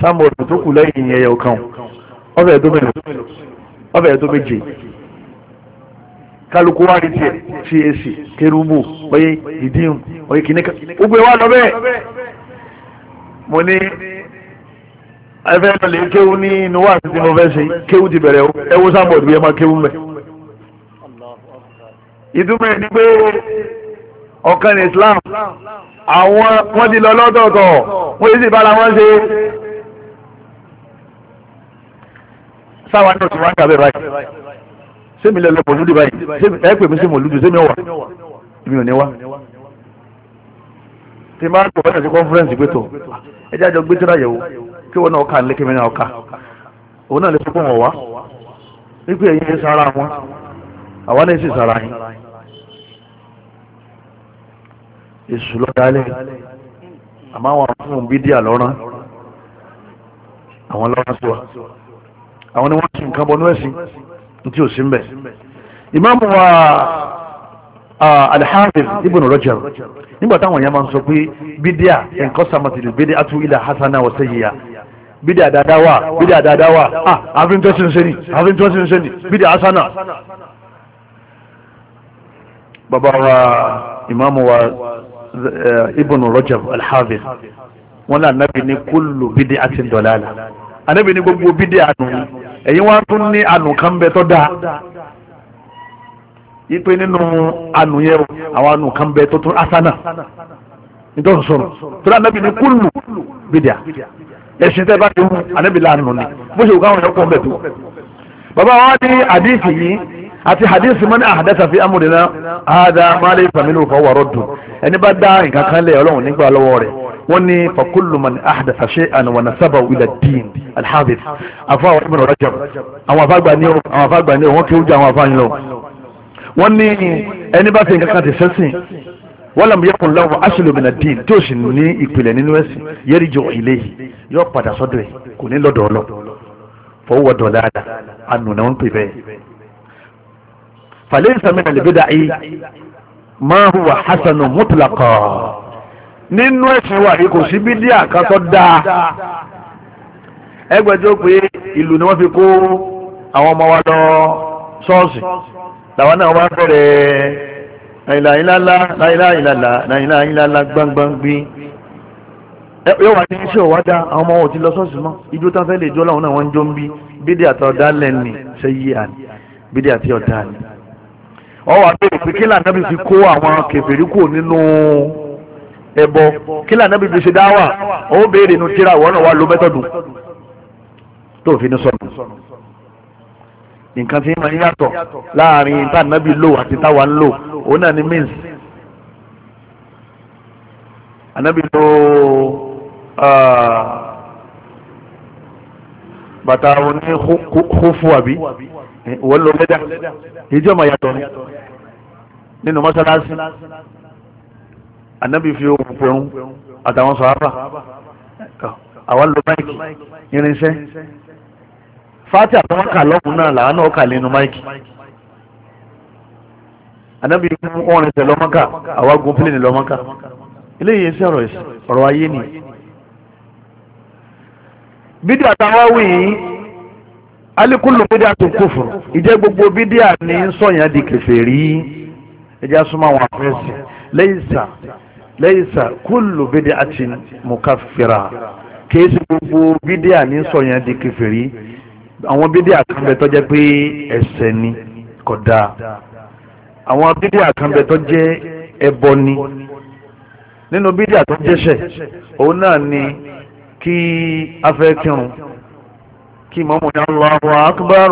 sáńbọ̀dù tó kù lẹ́yìn ẹ̀yẹ ọ̀kan ọ̀fẹ́ ẹ̀dọ́ méje kálukú wá rí tiẹ̀ cac kerubu oye ìdíhùn oye kìnìkan gbogbo ẹ̀ wá lọ bẹ́ẹ̀ mo ní ẹfẹ́ lọ́lẹ̀ kéwú ní inú wà tí mo fẹ́ ṣe kéwú ti bẹ̀rẹ̀ o ẹ wo sábọ̀dù bí ẹ máa kéwú mẹ́. ìtumọ̀ ẹ̀ ni pé ọ̀kan ní Islam àwọn wọ́n ti lọ lọ́tọ̀ọ̀tọ̀ wọ́n yìí sì bára wọn ṣe. sáwa ní òtún wá ń kà bẹ́ẹ̀ báyìí sẹ́mi lẹ́lẹ́ mọ̀lúdì báyìí ẹ pè mí sí mọ̀lúdì sẹ́mi ọ̀wà èmi ò ní wá. tí n bá ń pọ̀ sí conference pé tó ẹ jẹ́ àjọ gbẹ́tẹ́rẹ́ àyẹ̀wò kí wọ́n náà ọkà nílé kẹ́mi náà ọkà òun náà lè fọ́ wọn wá wípé ẹ̀yin sara wọn àwa náà sì sara yín. èṣù lọ́dálẹ̀ àmọ́ àwọn fún bídíà lọ́rán àwọn lọ́rán sí wa àwọn ni wọ́n ti nǹkan bọ́nú ẹ̀sìn tí ó sí mbẹ̀ ìmáàmù wa alhafiz ibn rajab nígbà táwọn èèyàn máa ń sọ pé bídíà nǹkan sàmàtìlì bídíà tó ilà hasana wa sayyi'a bídíà dáadáa wà bídíà dáadáa wà ah àfin tó sì ń sẹ́ni àfin tó sì ń sẹ́ni bídíà hasana. bàbá wa ìmáàmù wa eh, ibn rajab alhafiz wọn náà nábì ní kullu bídíà ti dọ̀lá la anábì ní gbogbo bídíà nù ẹ̀yin wá tún ní ànú kan bẹ tó dáa ipe nínú ànú yẹn àwọn ànú kan bẹ tó tún asana nítorí sọ̀rọ̀ tó dáa nàbì ní kúlù bìdíà ẹ̀sìn tẹ́ bá ti hù ànábì láàánú ni bó ṣe káwọn yẹn pọ̀ ń bẹ̀ tó. bàbá wa ní àdìsí yìí àti àdìsí mọ́ni àhàdẹ́sà fi amúdínà àádá máa lè fàmílì fọwọ́ rọ̀ ẹni bá dá nǹkan kan lẹ̀ ọlọ́run nígbà lọ́wọ́ rẹ̀ wọ́n ní fakulu man ahdatha shay'an wa nasabahu ila din alhabib afa wa ibn rajab àwọn afagba ni o àwọn afagba ni o wọ́n kéwú jẹ àwọn afa yín lọ wọ́n ní ẹni bá fi nǹkan kan ti sẹ́sìn wọ́n làmú yẹ́kùn lọ́wọ́ aṣèlú min ad-din tí o sì ní ìpìlẹ̀ nínú ẹ̀sìn yarji'u ilayhi yóò padà sọ́dọ̀ ẹ̀ kò ní lọ́dọ̀ ọlọ́ fọwọ́ dọ̀láàdà ànú náà ń pè bẹ́ẹ̀ falaysa min al-bid'i ma huwa hasanu mutlaqa nínú ẹ̀sìn wa yìí kò sí bídíà kan tó dáa ẹgbẹ̀jọ́ pé ìlú ni wọ́n fi kó àwọn ọmọ wa lọ ṣọ́ọ̀ṣì làwọn náà wá bẹ̀rẹ̀ àìláìláńlá láìláìláńlá láìláìláńlá gbangbangbí yóò wá ní iṣẹ́ òwádá àwọn ọmọ òtí lọ ṣọ́ọ̀ṣì mọ́ ijó tán fẹ́ lè jọ́ láwọn náà wọ́n ń ẹbọ kí lànà bíbí ṣe dáwà ó béèrè nu tíra ìwọ náà wà ló mẹ́tọ̀dù tó fi ní sọnù nǹkan tí ma ń yàtọ̀ láàrin tá nàbí lò àti táwa ń lò òun náà ni means ànábì lò bàtà òní hófù àbí wọ́n lò lẹ́dà ìjọba yàtọ̀ nínú mọ́sálásí anabi fi owó pẹ̀rún àtàwọn sọ̀rọ̀ àwa lo máìkì irinṣẹ́ fati àtàwọn kà lọ́kùn náà làánà ọkà lẹ́nu máìkì anabi mú ọrìn tẹ̀ lọ́mọ́kà àwa gun pílẹ̀nì lọ́mọ́kà eléyìí ṣe ọ̀rọ̀ ẹ̀sìn ọ̀rọ̀ ayé ni bídí àtàwọn awì yìí alikulu bídí àtúnkùfùrù ìjẹ́ gbogbo bídí àní sọ̀yàn di kèfèrí ẹjẹ́ súnmọ́ àwọn afẹ́sẹ̀ lẹ́yìn sáà laysa kullu bid'atin mukaffira kìí ṣe gbogbo bídíà ní sọ̀yàn di kèfèrí àwọn bídíà kan tó jẹ́ pé ẹ̀ṣẹ̀ ni kò dáa àwọn bídíà kan bẹ tó jẹ́ ẹbọ ni nínú bídíà tó jẹ́ṣẹ̀ òun náà ni kí afẹ́ kírun kí mọ́mọ́ ní Allahu akbar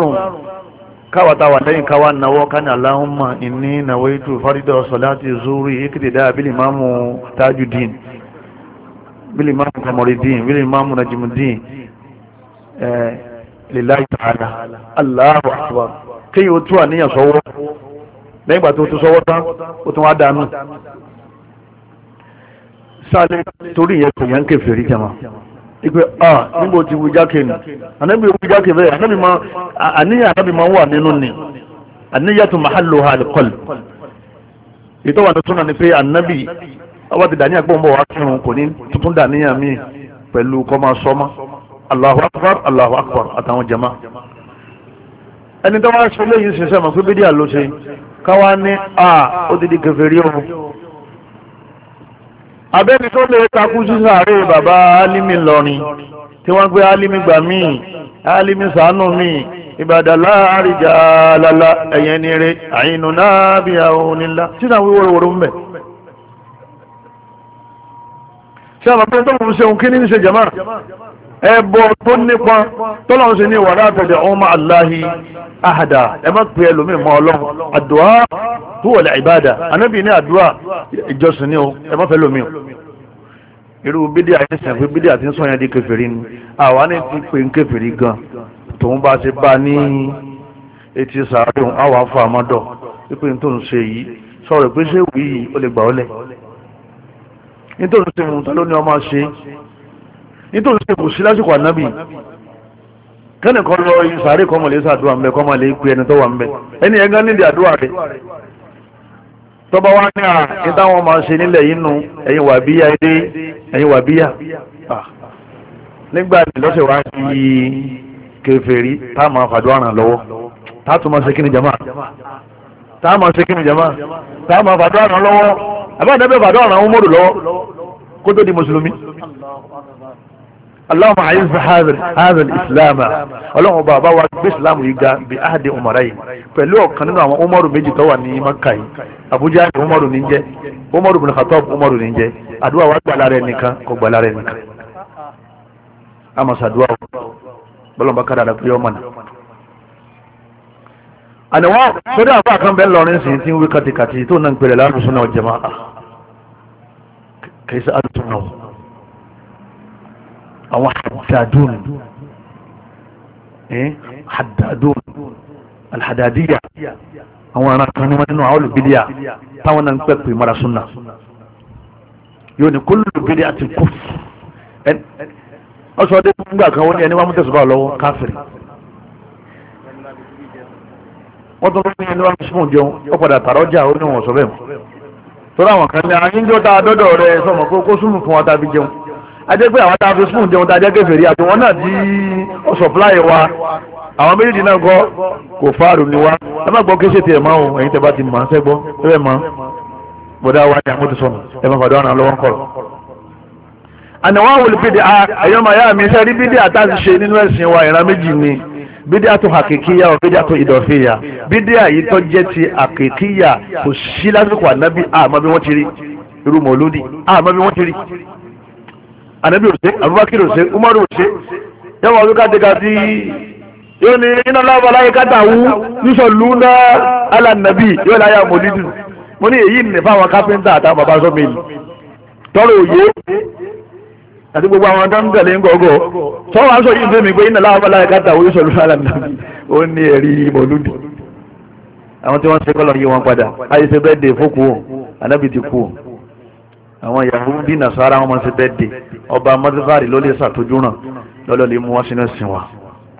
káwàtàwà lẹ́yìn káwà náwọ́ kánà Allahumma inni nawaitu fárídọ̀ salati zuri ikidida bilimamu tajudin bilimamu kamaridin bilimamu najimudin lillahi ta'ala Allahu akbar kí o tú àníyàn sọ́wọ́ lẹ́yìn gbà tó tó sọ́wọ́ tán ó tún wá dánú sáré torí ìyẹn kò yẹn ń kèfèrí jama ipe ah níbo ti wù jákè nù ànábì wù jákè bẹ́ẹ̀ ànábì máa àníyàn ànábì máa wà nínú ni àníyàtò màhálò ha àlùkọ́lù ètò wà tuntun náà ni pé ànábì ọba ti dàníyàn pọ̀ ń bọ̀ wá kírun kò ní tuntun dàníyàn míì pẹ̀lú kọ́ máa sọ́mọ́ Allahu akbar Allahu àtàwọn jama ẹni tó wá ṣe léyìn ṣiṣẹ́ mọ̀ pé bídíà ló ṣe káwá ní a ah, ó ti di kèfèrí ọ̀hún abẹ́ni tó lè takú sí sàárè bàbá alimi lọrin tí wọ́n gbé alimi gbà míì alimi sànú míì ìbàdàlá àríjà lálá ẹ̀yẹn ni eré àyínú náà bí àwọn onílá tí náà wíwọ́rọ̀wọ́rọ̀ ń bẹ̀. ṣé àwọn abẹ́ni tó ń ṣe òun kí ní ṣe jama ẹbọ tó nípa tọ́lọ́run ṣe ní wàrà àtẹ̀dẹ̀ ọmọ aláhi ahada ẹ má pe ẹlòmíì mọ́ ọlọ́run àdúrà tó wọlé ìbáàdà anábì ní àdúrà ìjọsìn ni o ẹ má fẹ́ lòmíì irú bídí àyẹ̀sìn fún bídí àti sọ yẹn di kèfèrí ni àwa ní ti pè ń kèfèrí gan tòun bá ṣe bá ní etí sàárè òun àwa àmọ́dọ̀ pípé tó ń ṣe yìí sọ̀rọ̀ pé ṣé nítorí ṣe kò sí lásìkò ànábì kẹ́nì kan lọ sàárè kọ́mọ̀lé sàdúrà ń bẹ kọ́mọ̀lé pé ẹni tó wà ń bẹ ẹni ẹgán nídìí àdúrà rẹ tọ́ba wá ní à ní táwọn máa ṣe nílẹ̀ yìí nù wà bíyà ẹdẹ ẹ̀yin wà bíyà nígbà lọ́sẹ̀ wá di kèfèrí tá a máa fàdúrà ràn lọ́wọ́ tá a tún máa ṣe kí ni jama tá a máa ṣe kí ni jama tá a máa fàdúrà ràn lọ́wọ́ àbẹ́ àdẹ́bẹ́ fàdúrà ràn ó mọ́dù lọ́wọ́ kó di mùsùlùmí. اللهم اعز هذا هذا الاسلام اللهم بابا wa gbé islam yìí ga bi ahadi umarayi pẹ̀lú ọ̀kan nínú àwọn umaru méjì tó wà ní maka yìí abuja ni umaru ní jẹ́ umaru bin khatab umaru ní jẹ́ àdúrà wa gbà lára ẹnìkan kò gbà lára ẹnìkan amasadua bọlọmọ kára rẹ pé ọmọ náà àníwọ̀n sórí àwọn àkànbẹ́ ńlọrin sì ti ń wí katikati tó náà ń pèrè lálùsùn náà jẹ́ máa kì í sẹ́ àlùsùn náà àwọn hadadun eh? hadadun alhadadiya àwọn ará kan ní wọn nínú àwọn olùbídíà táwọn náà ń pẹ́ pè mara súnà yóò ní kólú olùbídíà ti kú ọ sọ dé nígbà kan ó ní ẹni wàá mú tẹ̀sùbà lọ́wọ́ káfíìrì wọ́n tún fún yẹn ní wàá mú sùn jẹun ó padà tààrọ̀ jà ó ní wọn sọ bẹ́ẹ̀ mọ́ tọ́lá kan ní ayé ń jọ́ ta dọ́dọ̀ rẹ sọ̀mọ́ kó sùnù fún wa tàbí jẹun ajẹ́ pé àwọn tá a fi spoon jẹun tá a jẹ́ kèfèrí àti wọn náà tí ó supply wa àwọn méjèèjì náà kọ́ kò fáàrù ni wa ẹ má gbọ́ kí ṣètì ẹ̀ máa ń ẹ̀yin tẹ́ bá ti mọ̀ ọ́n sẹ́gbọ́ ẹ bẹ́ẹ̀ mọ́ bọ́dá wa ni àmótí sọnù ẹ má fàdó àná lọ́wọ́ ń kọ̀rọ̀. ànáwó àwọn olùpèdè ẹ̀yọ́ màyá mi sẹ́rí bídí àtàzì ṣe nínú ẹ̀sìn wa ìran méjì ni bídí àtò àkèkíyà ò bídí àtò ìdọ̀fìyà bídí àyí jẹ́ ti àkèkíyà kò sí lásìkò ànábì àmọ́ bí wọ́n ti rí irú mọ̀lódì àmọ́ bí wọ́n ti rí ànábì òṣè abubakar òṣè umaru òṣè yọwọ wíká dìgà sí yóò ní iná lọ́wọ́ láyé káta wú níṣọ́ lúná alànàbì yóò láyà mòlídù mo ní èyí nì fáwọn kápẹ́ńtà àtàwọn bàbá sọ́mẹ́lì tọ́lọ̀ òye àti gbogbo àwọn tó ń tẹ̀lé ń gọ́gọ́ sọ́wọ́ aṣọ yìí ń fẹ́ mi pé iná lọ́wọ́ láyé káta wú níṣọ́ lúná alànàbì ó ní ẹ̀rí mòlúdù àwọn tí wọ́n ṣe kọ́lọ̀ yí wọn padà àyè àwọn Yahudi Nasara wọn máa ṣe bẹ́ẹ̀dẹ̀ ọba mọ́tífàrí ló lè ṣàtúnjú ràn lọ́lọ́ lè mú wá sínú ẹ̀sìn wa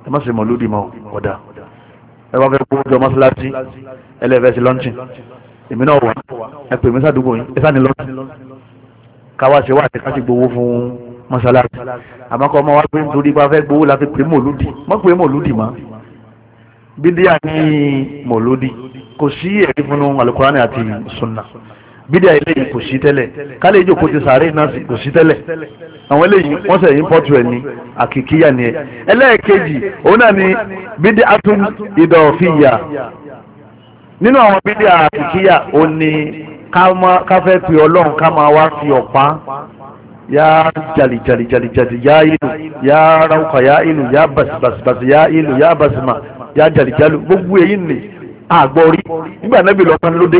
ẹ má ṣe mọ̀ lódì mọ́ ọ̀dà ẹ wá fẹ́ kó jọ mọ́ṣáláṣí ẹlẹ́fẹ́ sí lọ́ńchìn èmi náà wà ẹ pè mí sádùúgbò yín ẹ sáni lọ́ńchìn káwá ṣe wá àti ká gbowó fún mọ́ṣáláṣí àmọ́ kọ́ ọmọ wa pé nítorí pé fẹ́ gbowó la fi pè mọ́ pé mọ́ bídíà ní mọ̀lúdì kò sí sunna bídíà eléyìí kò sí tẹ́lẹ̀ kálí ìjòkó ti sàárè náà kò sí tẹ́lẹ̀ àwọn eléyìí wọ́n sẹ̀ ìmpọ́tù ẹ̀ ní àkìkíyà ni ẹ̀ ẹlẹ́ẹ̀kejì òun náà ni bídíà tún ìdọ̀fìyà nínú àwọn bídíà àkìkíyà ó ní ká fẹ́ pe ọlọ́run ká máa wá fi ọ̀pá ya jali jali jali jali ya ilu ya rauka ya ilu ya basibasibasi ya ilu ya basima ya jali jali gbogbo èyí ni àgbọ̀rí nígbà náà bí lọ́kàn lóde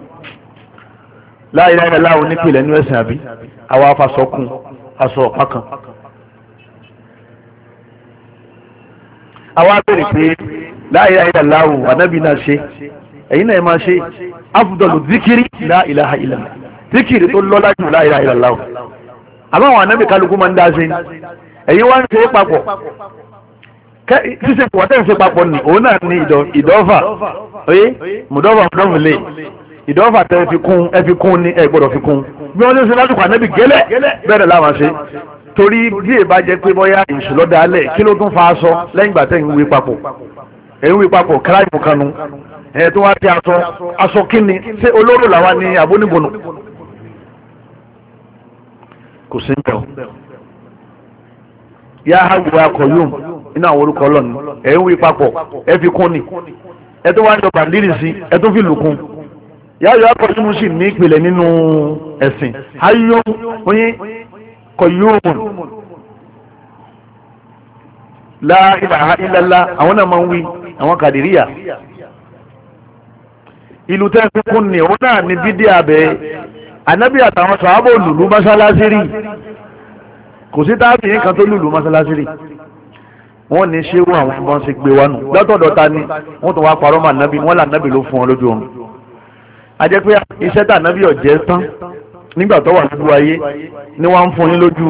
láàyè láwọn onípìlẹ̀ nínú ẹ̀sìn àbí àwa afasọkùn aṣọ ọ̀pá kan. àwa béèrè pé láàyè láyè láwọn ànábì náà ṣe ẹ̀yin náà máa ṣe afudọ̀lù zikiri la ilaha illallah zikiri tó lọ́lá jù la ilaha illallah àmọ́ àwọn ànábì kálukú máa ń dá ṣe ẹ̀yin wá ń ṣe é papọ̀ ṣíṣe pọ̀ tẹ́ ń ṣe papọ̀ ni òun náà ni ìdọ́fà mùdọ́fà mùdọ́fà lè ìdọ́fà tẹ fi kún ẹ fi kún ní ẹ gbọ́dọ̀ fi kún bí wọ́n ti ń ṣe lásìkò ànábì gẹ́lẹ́ bẹ́ẹ̀ láwọn ṣe torí bí èèbá jẹ́ pé bọ́yá ìṣùlọ́dà alẹ̀ kí ló tún fa aṣọ lẹ́yìn ìgbà tẹ̀yìn wí papọ̀ ẹ̀yìn wí papọ̀ kíláàmù kanu ẹ̀ tó wá sí aṣọ aṣọ kí ni ṣé olóró làwa ni àbónibònú kò sí ń bẹ̀ ọ́ yá àgùwà akọ̀yùm nínú àwọn orúkọ ọlọ́ni ẹ̀yìn wí papọ̀ ẹ fi kún ni ẹ tó wá ní ọba yáyọ akọ̀símù sì ní ìpìlẹ̀ nínú ẹ̀sìn ayọ́ oyin kọ̀yọ́mùn la ilaha illallah àwọn náà máa ń wí àwọn kàdìríyà ìlú tẹ́kùn ni òun náà ní bídí abẹ ànábì àtàwọn sàábò lùlù mọ́sálásí rí kò sí táàbì kan tó lùlù mọ́sálásí rí wọ́n ní ṣé wọ́n àwọn ọmọ ṣe gbé wa nù lọ́tọ̀dọ̀ ta ni wọ́n tún wá parọ́ mọ́ ànábì wọ́n là ànábì ló fún ọ lójú oorun a jẹ́ pé iṣẹ́ tà nábì ọ̀jẹ́ tán nígbà tó wà lójú ayé ni wọ́n ń fún yín lójú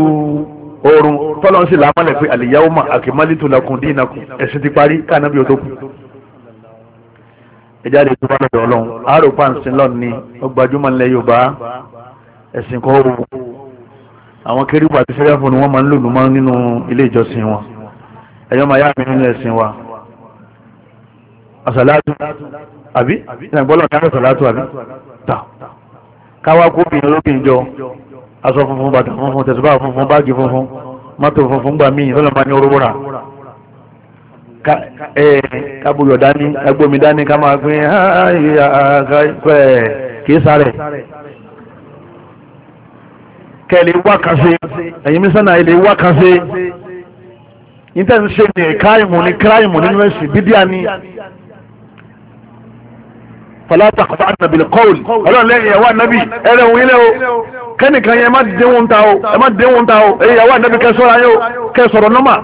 oorun tọ́lọ́ ń sì lámọ́lẹ̀ pé al-yawma akmaltu lakum dinakum ẹ̀sìn ti parí ká nábì ó tó kù ìjáde tó bá lọ́dọ̀ ọlọ́run àárò pàǹsìn lọ́ọ̀ ni ó gbajúmọ̀ ńlẹ̀ yorùbá ẹ̀sìn kọ́ ro àwọn kérúbù àti sẹ́ráfù ni wọ́n máa ń lò lùmọ́ nínú ilé ìjọsìn wọn ẹ̀yọ́ máa yá mi nínú ẹ̀sìn wa àṣàlátù àbí ìyàgbọ́lọ̀ ní àrẹ̀sọ̀ látò àbí tà káwá kó obìnrin olóbìnrin jọ aṣọ funfun bàtà funfun tẹ̀síbà funfun báàgì funfun mọ́tò funfun gbà míì lọ́nà máa ní orúkọ rà kábùyọ̀ dání agbómi dání ká máa gbin kì í sáré kẹ́lẹ̀ wákàṣe ẹ̀yìn mísánà ilẹ̀ wákàṣe ní tẹ́ ń ṣe ní kíráìmù ní kíráìmù nínú ẹ̀sìn bídíà ni fala taqta'na bil qawl ọlọ́run lẹ́yìn ẹ̀wà nábì ẹ̀rẹ̀ òun ilé o kẹ́nìkan yẹn ẹ má déhùn ta o ẹ má déhùn ta o ẹ̀yìn ẹ̀wà nábì kẹsọ́ra yẹn o kẹsọ̀rọ̀ nọ́mà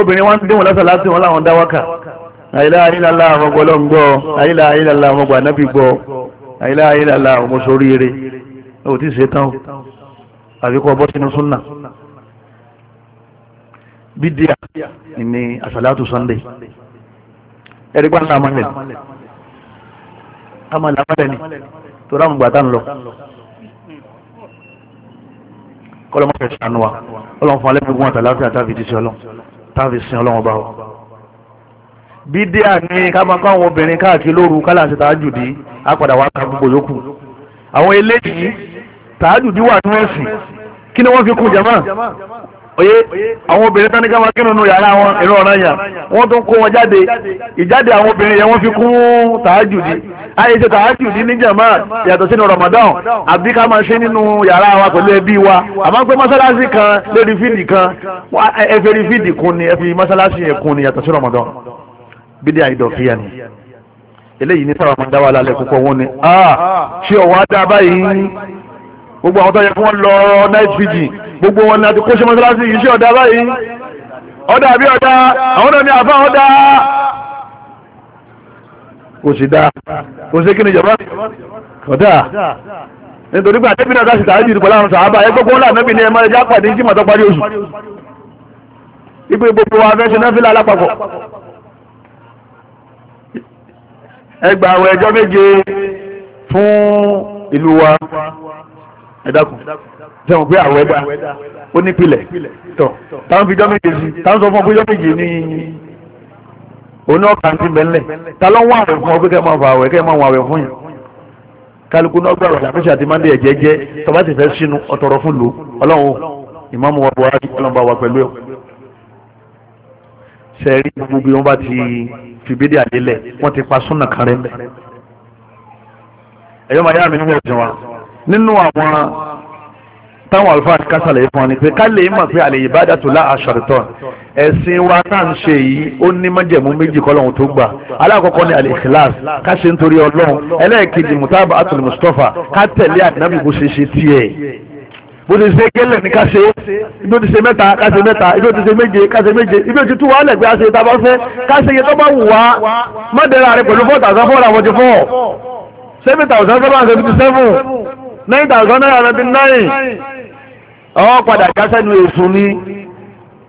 obìnrin wa ń déhùn lásán láti wọn láwọn dá wákà àyílá àyílàlá àwọn ọgbọ ọlọ́run gbọ́ àyílá àyílàlá àwọn ọgbà nábì gbọ́ àyílá àyílàlá àwọn ọmọ sórí o ti ṣe tán àbíkọ́ ọbọ̀ sínú súnà bídíà ni àṣàlátù sunday ẹ̀rí gbàǹdà mọ́lẹ̀ ká máa làmọ́lẹ̀ ni tó ráàmù gbàtà ń lọ kọ́lọ́mọ́ fẹ́ sànù wa ọlọ́run fún alẹ́ gbogbo wọn tàlàáfíà táfi ti sí ọlọ́run táfi sin ọlọ́run bá wa. bídíà ní ká máa kọ́ àwọn obìnrin káàkiri lóru kálá àti tàájùdí á padà ká gbogbo yòókù àwọn eléyìí tàájùdí wà nínú ẹ̀sìn kí ni wọ́n fi kún jàmáà oye àwọn obìnrin tán ní ká máa kírun nínú yàrá wọn ìran ọ̀ràn yà wọ́n tún kó wọn jáde ìjáde àwọn obìnrin yẹn wọ́n fi kún tàájùdí àìṣe tààjù ní níjàmá yàtọ̀ sínú Ramadan àbí ká máa ṣe nínú yàrá wa pẹ̀lú ẹbí wa àmọ́ pé mọ́sálásí kan lórí fídì kan ẹ rí fídì kun ni ẹ fi mọ́sálásí yẹn kun ni yàtọ̀ sínú Ramadan bídí àìdọ̀fíà ni eléyìí ní sábà máa dá wa lálẹ́ púpọ̀ wọn ni ṣé ọ̀wọ́ á dá báyìí gbogbo àwọn tó yẹ kí wọ́n lọ night vigil gbogbo wọn ni àti kó ṣe mọ́sálásí yìí ṣé ọ̀dà báyìí ọ̀dà àbí ọ̀dà àwọn náà ni àfa ọ̀dà kò sì dáa kò sí kí ni jọba kọ̀dá nítorí pé àtẹ́bí náà dáṣì tààjì ìdìbò láwọn sàábà ẹ gbogbo ńlá àtẹ́bí ni ẹ máa jápa ní jímọ̀ tó parí oṣù ipò gbogbo wa fẹ́ ṣe náà fílà alápapọ̀ ẹgbà àwọn ẹjọ́ méje fún ìlú wa ẹ dákun sẹ́wọ̀n pé àwọn ẹgbà ó nípìlẹ̀ tọ̀ táwọn fi jọ́ méje sí táwọn sọ fún ọ méje ní oní ọkà ti bẹ̀lẹ̀ ta ló ń wá àwẹ̀ fún ọ pé kẹ́ máa fà àwẹ̀ kẹ́ máa wọ àwẹ̀ fún yàn kálukú náà gbàrọ̀ àfẹ́sì àti mándé ẹ̀jẹ̀ jẹ́ tọ́ba ti fẹ́ sínú ọ̀tọ̀rọ̀ fún lò ọlọ́run ìmáàmù wa Buhari ọlọ́run bá wa pẹ̀lú ẹ̀ sẹ́ẹ̀rí gbogbo bí wọ́n bá ti fìbídì àlélẹ̀ wọ́n ti pa súnà kan rẹ̀ ẹ̀yọ́ màá yára mi nínú ẹ̀sìn wa nínú àwọn táwọn àlùfáà ní kásálẹ̀ yìí fún wa ni pé ká lè mọ̀ pé àlè ìbádà tó lá àṣàrìtàn ẹ̀sìn wa tá à ń ṣe yìí ó ní májẹ̀mú méjì kọ́lọ́hún tó gbà alákọ̀ọ́kọ́ ni al-ikhlas ká ṣe nítorí ọlọ́run ẹlẹ́ẹ̀kejì mutaba atul mustapha ká tẹ̀lé ànábì bó ṣe ṣe tiẹ̀ bó ti ṣe gẹ́lẹ̀ ní ká ṣe ibi ó ti ṣe mẹ́ta ká ṣe mẹ́ta ibi ó ti ṣe méje ká ṣe méje ibi ó ti tú wàhálẹ̀ pé a ṣe tábà fẹ́ ká ṣe iye tó wù wá mọ́tẹ́rẹ́ rẹ pẹ̀lú four thousand four hundred forty four seven thousand seven hundred fifty seven nine thousand nine hundred ninety nine ọ padà jásẹ́nu èṣù ni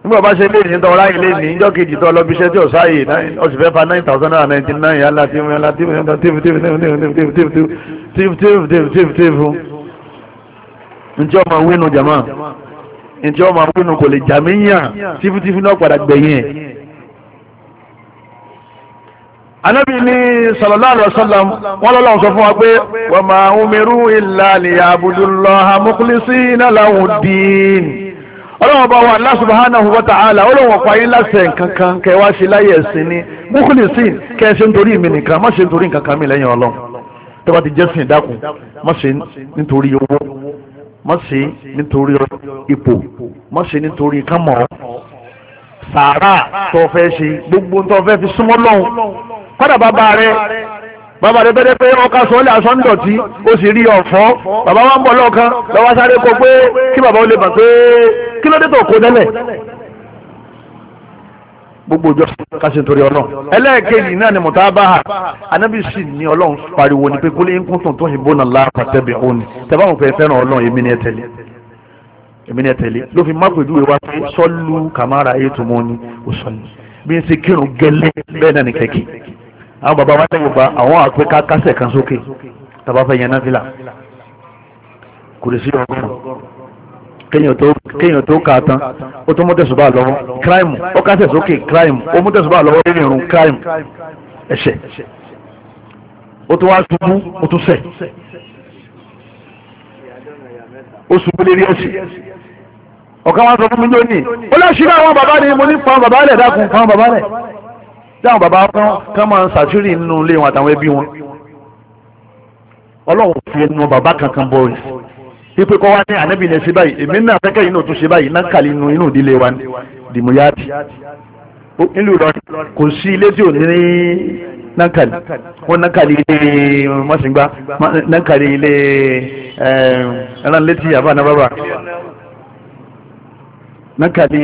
nígbà bá ṣe léyìn tó ráyè léyìn níjọ́ kejì tó lọ́bíṣẹ́ tí ò sáàyè ọ̀sì fẹ́ fa nine thousand naira ninety nine yálà tí wọ́n yálà tí wọ́n yálà tí wọ́n tí wọ́n tí wọ́n tí wọ́n tí wọ́n tí wọ́n tí wọ́n tí wọ́n tí wọ́n tí wọ́n ntí ọmọ wínú jama ntí ọmọ wínú kò lè jàmíyàn tífútífú náà padà gbẹ̀yìn ẹ̀ anábì ní sallallahu alaihi wasallam wọ́n lọ́lọ́run sọ fún wa pé wa ma umiru illa liya'budullaha mukhlisina lahud-din ọlọ́wọ́n bá wa Allah subhanahu wa ta'ala ọlọ́wọ́n fàyín lásẹ̀ kankan kẹwàá ṣe láyé ẹ̀sìn ni mukhlisin kẹsẹ̀ nítorí mi nìkan má ṣe nítorí nǹkan kan mi lẹ́yìn ọlọ́run tó bá ti jẹ́ sìn dákun má ṣe nítorí owó má ṣe nítorí ipò má ṣe nítorí kámọ́ sàárà tó fẹ́ ṣe gbogbo tó fẹ́ fi súnmọ́ lọ́hùn kọ́dà bàbá rẹ bàbá rẹ bẹ́ẹ̀ pé ọkà sọ́ọ́lẹ̀ asọ́ńdọ̀tì ó sì rí ọ̀fọ́ bàbá wa ń bọ̀ lọ́ọ̀kan lọ́wọ́ sáré kó pé kí bàbá ó lè bà pé kí ló dé tó kó tẹ́lẹ̀ gbogbo ìjọ kásì torí ọlọ́run ẹlẹ́ẹ̀kejì náà ni mutabaha anábì sì ní ọlọ́run pariwo ni pé kó lè ń kún tuntun ìbò náà láàpá tẹ́bẹ̀ òun ni tẹ́bà wọn fẹ́ fẹ́ràn ọlọ́run ni ẹ tẹ̀lé èmi ni ẹ tẹ̀lé ló fi mápẹ̀dúwe wá pé sọ́lù kàmára ayé tó mọ́ ni ó sọ ni bí n ṣe kírun gẹ́lẹ́ bẹ́ẹ̀ náà ni kẹ́kì àwọn baba wa tẹ́wọ̀ gba àwọn àpé kásẹ̀ kan sókè tàbá fẹ́ yẹn náfìlà kò lè sí ọgọ́rùn kéèyàn tó kà á tán ó tó mú tẹ̀sùbà lọ́wọ́ kíráìmù ó kásẹ̀ sókè kíráìmù ó mú tẹ̀sùbà lọ́wọ́ lórí ìrùn kíráìmù ẹ̀ṣẹ̀ ó tó wá ṣubú ó tó sẹ̀ ó ṣubú lérí ẹ̀ṣẹ̀ ọ̀kan wá sọ fún mi lónìí ó lọ́ ṣíra àwọn bàbá ni mo ní pa bàbá rẹ̀ dákun pa bàbá rẹ̀ táwọn bàbá kan kan máa ń ṣàṣírí nínú ilé wọn àtàwọn ẹbí wọn ọlọ́run fi ẹnu bàbá kankan bọ̀ rí pípé kọ́ wá ní ànábì ní ẹ ṣe báyìí èmi náà fẹ́kẹ́ inú tún ṣe báyìí náà kàlí inú inú ìdílé wa dìmúyáàdì nílùú Ìlọrin kò sí ilé tí ò ní ní nankali wọn nankali ilé masingba nankali ilé ẹranlẹti àbá anababa nankali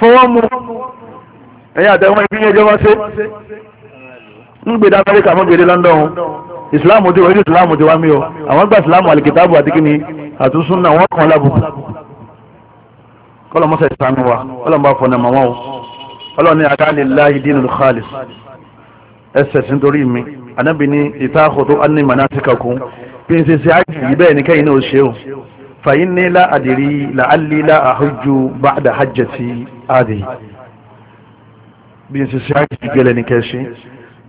fọwọ́ mu ẹ̀yìn àtẹ̀wọ́n ìpínlẹ̀ ìjọba ṣe ń gbèdé amẹ́ríkà mọ́ gbèdé london ìsìláàmù ti wọ́n ìsìláàmù ti wá mí o àwọn gba ìsìláàmù àlìkìtàbù àti kíni àtúnṣún náà wọ́n kàn lábùkù kọ́lọ̀ mọ́sẹ̀ ìsànú wa kọ́lọ̀ bá fọ̀nà mọ́ wọn o kọ́lọ̀ ní àkáàlì láàyè dínú khalis ẹsẹ̀ sí nítorí mi anábì ní ìtàkùtù anni manasikakum bí n ṣe ṣe ájì yìí bẹ́ẹ̀ ni kẹ́yìn náà ṣe o fàyín ní láàdìrí làálí láàhójú báàdà hajjati àdì bí n ṣe ṣe àjì gẹ́lẹ́ ní kẹ́ṣí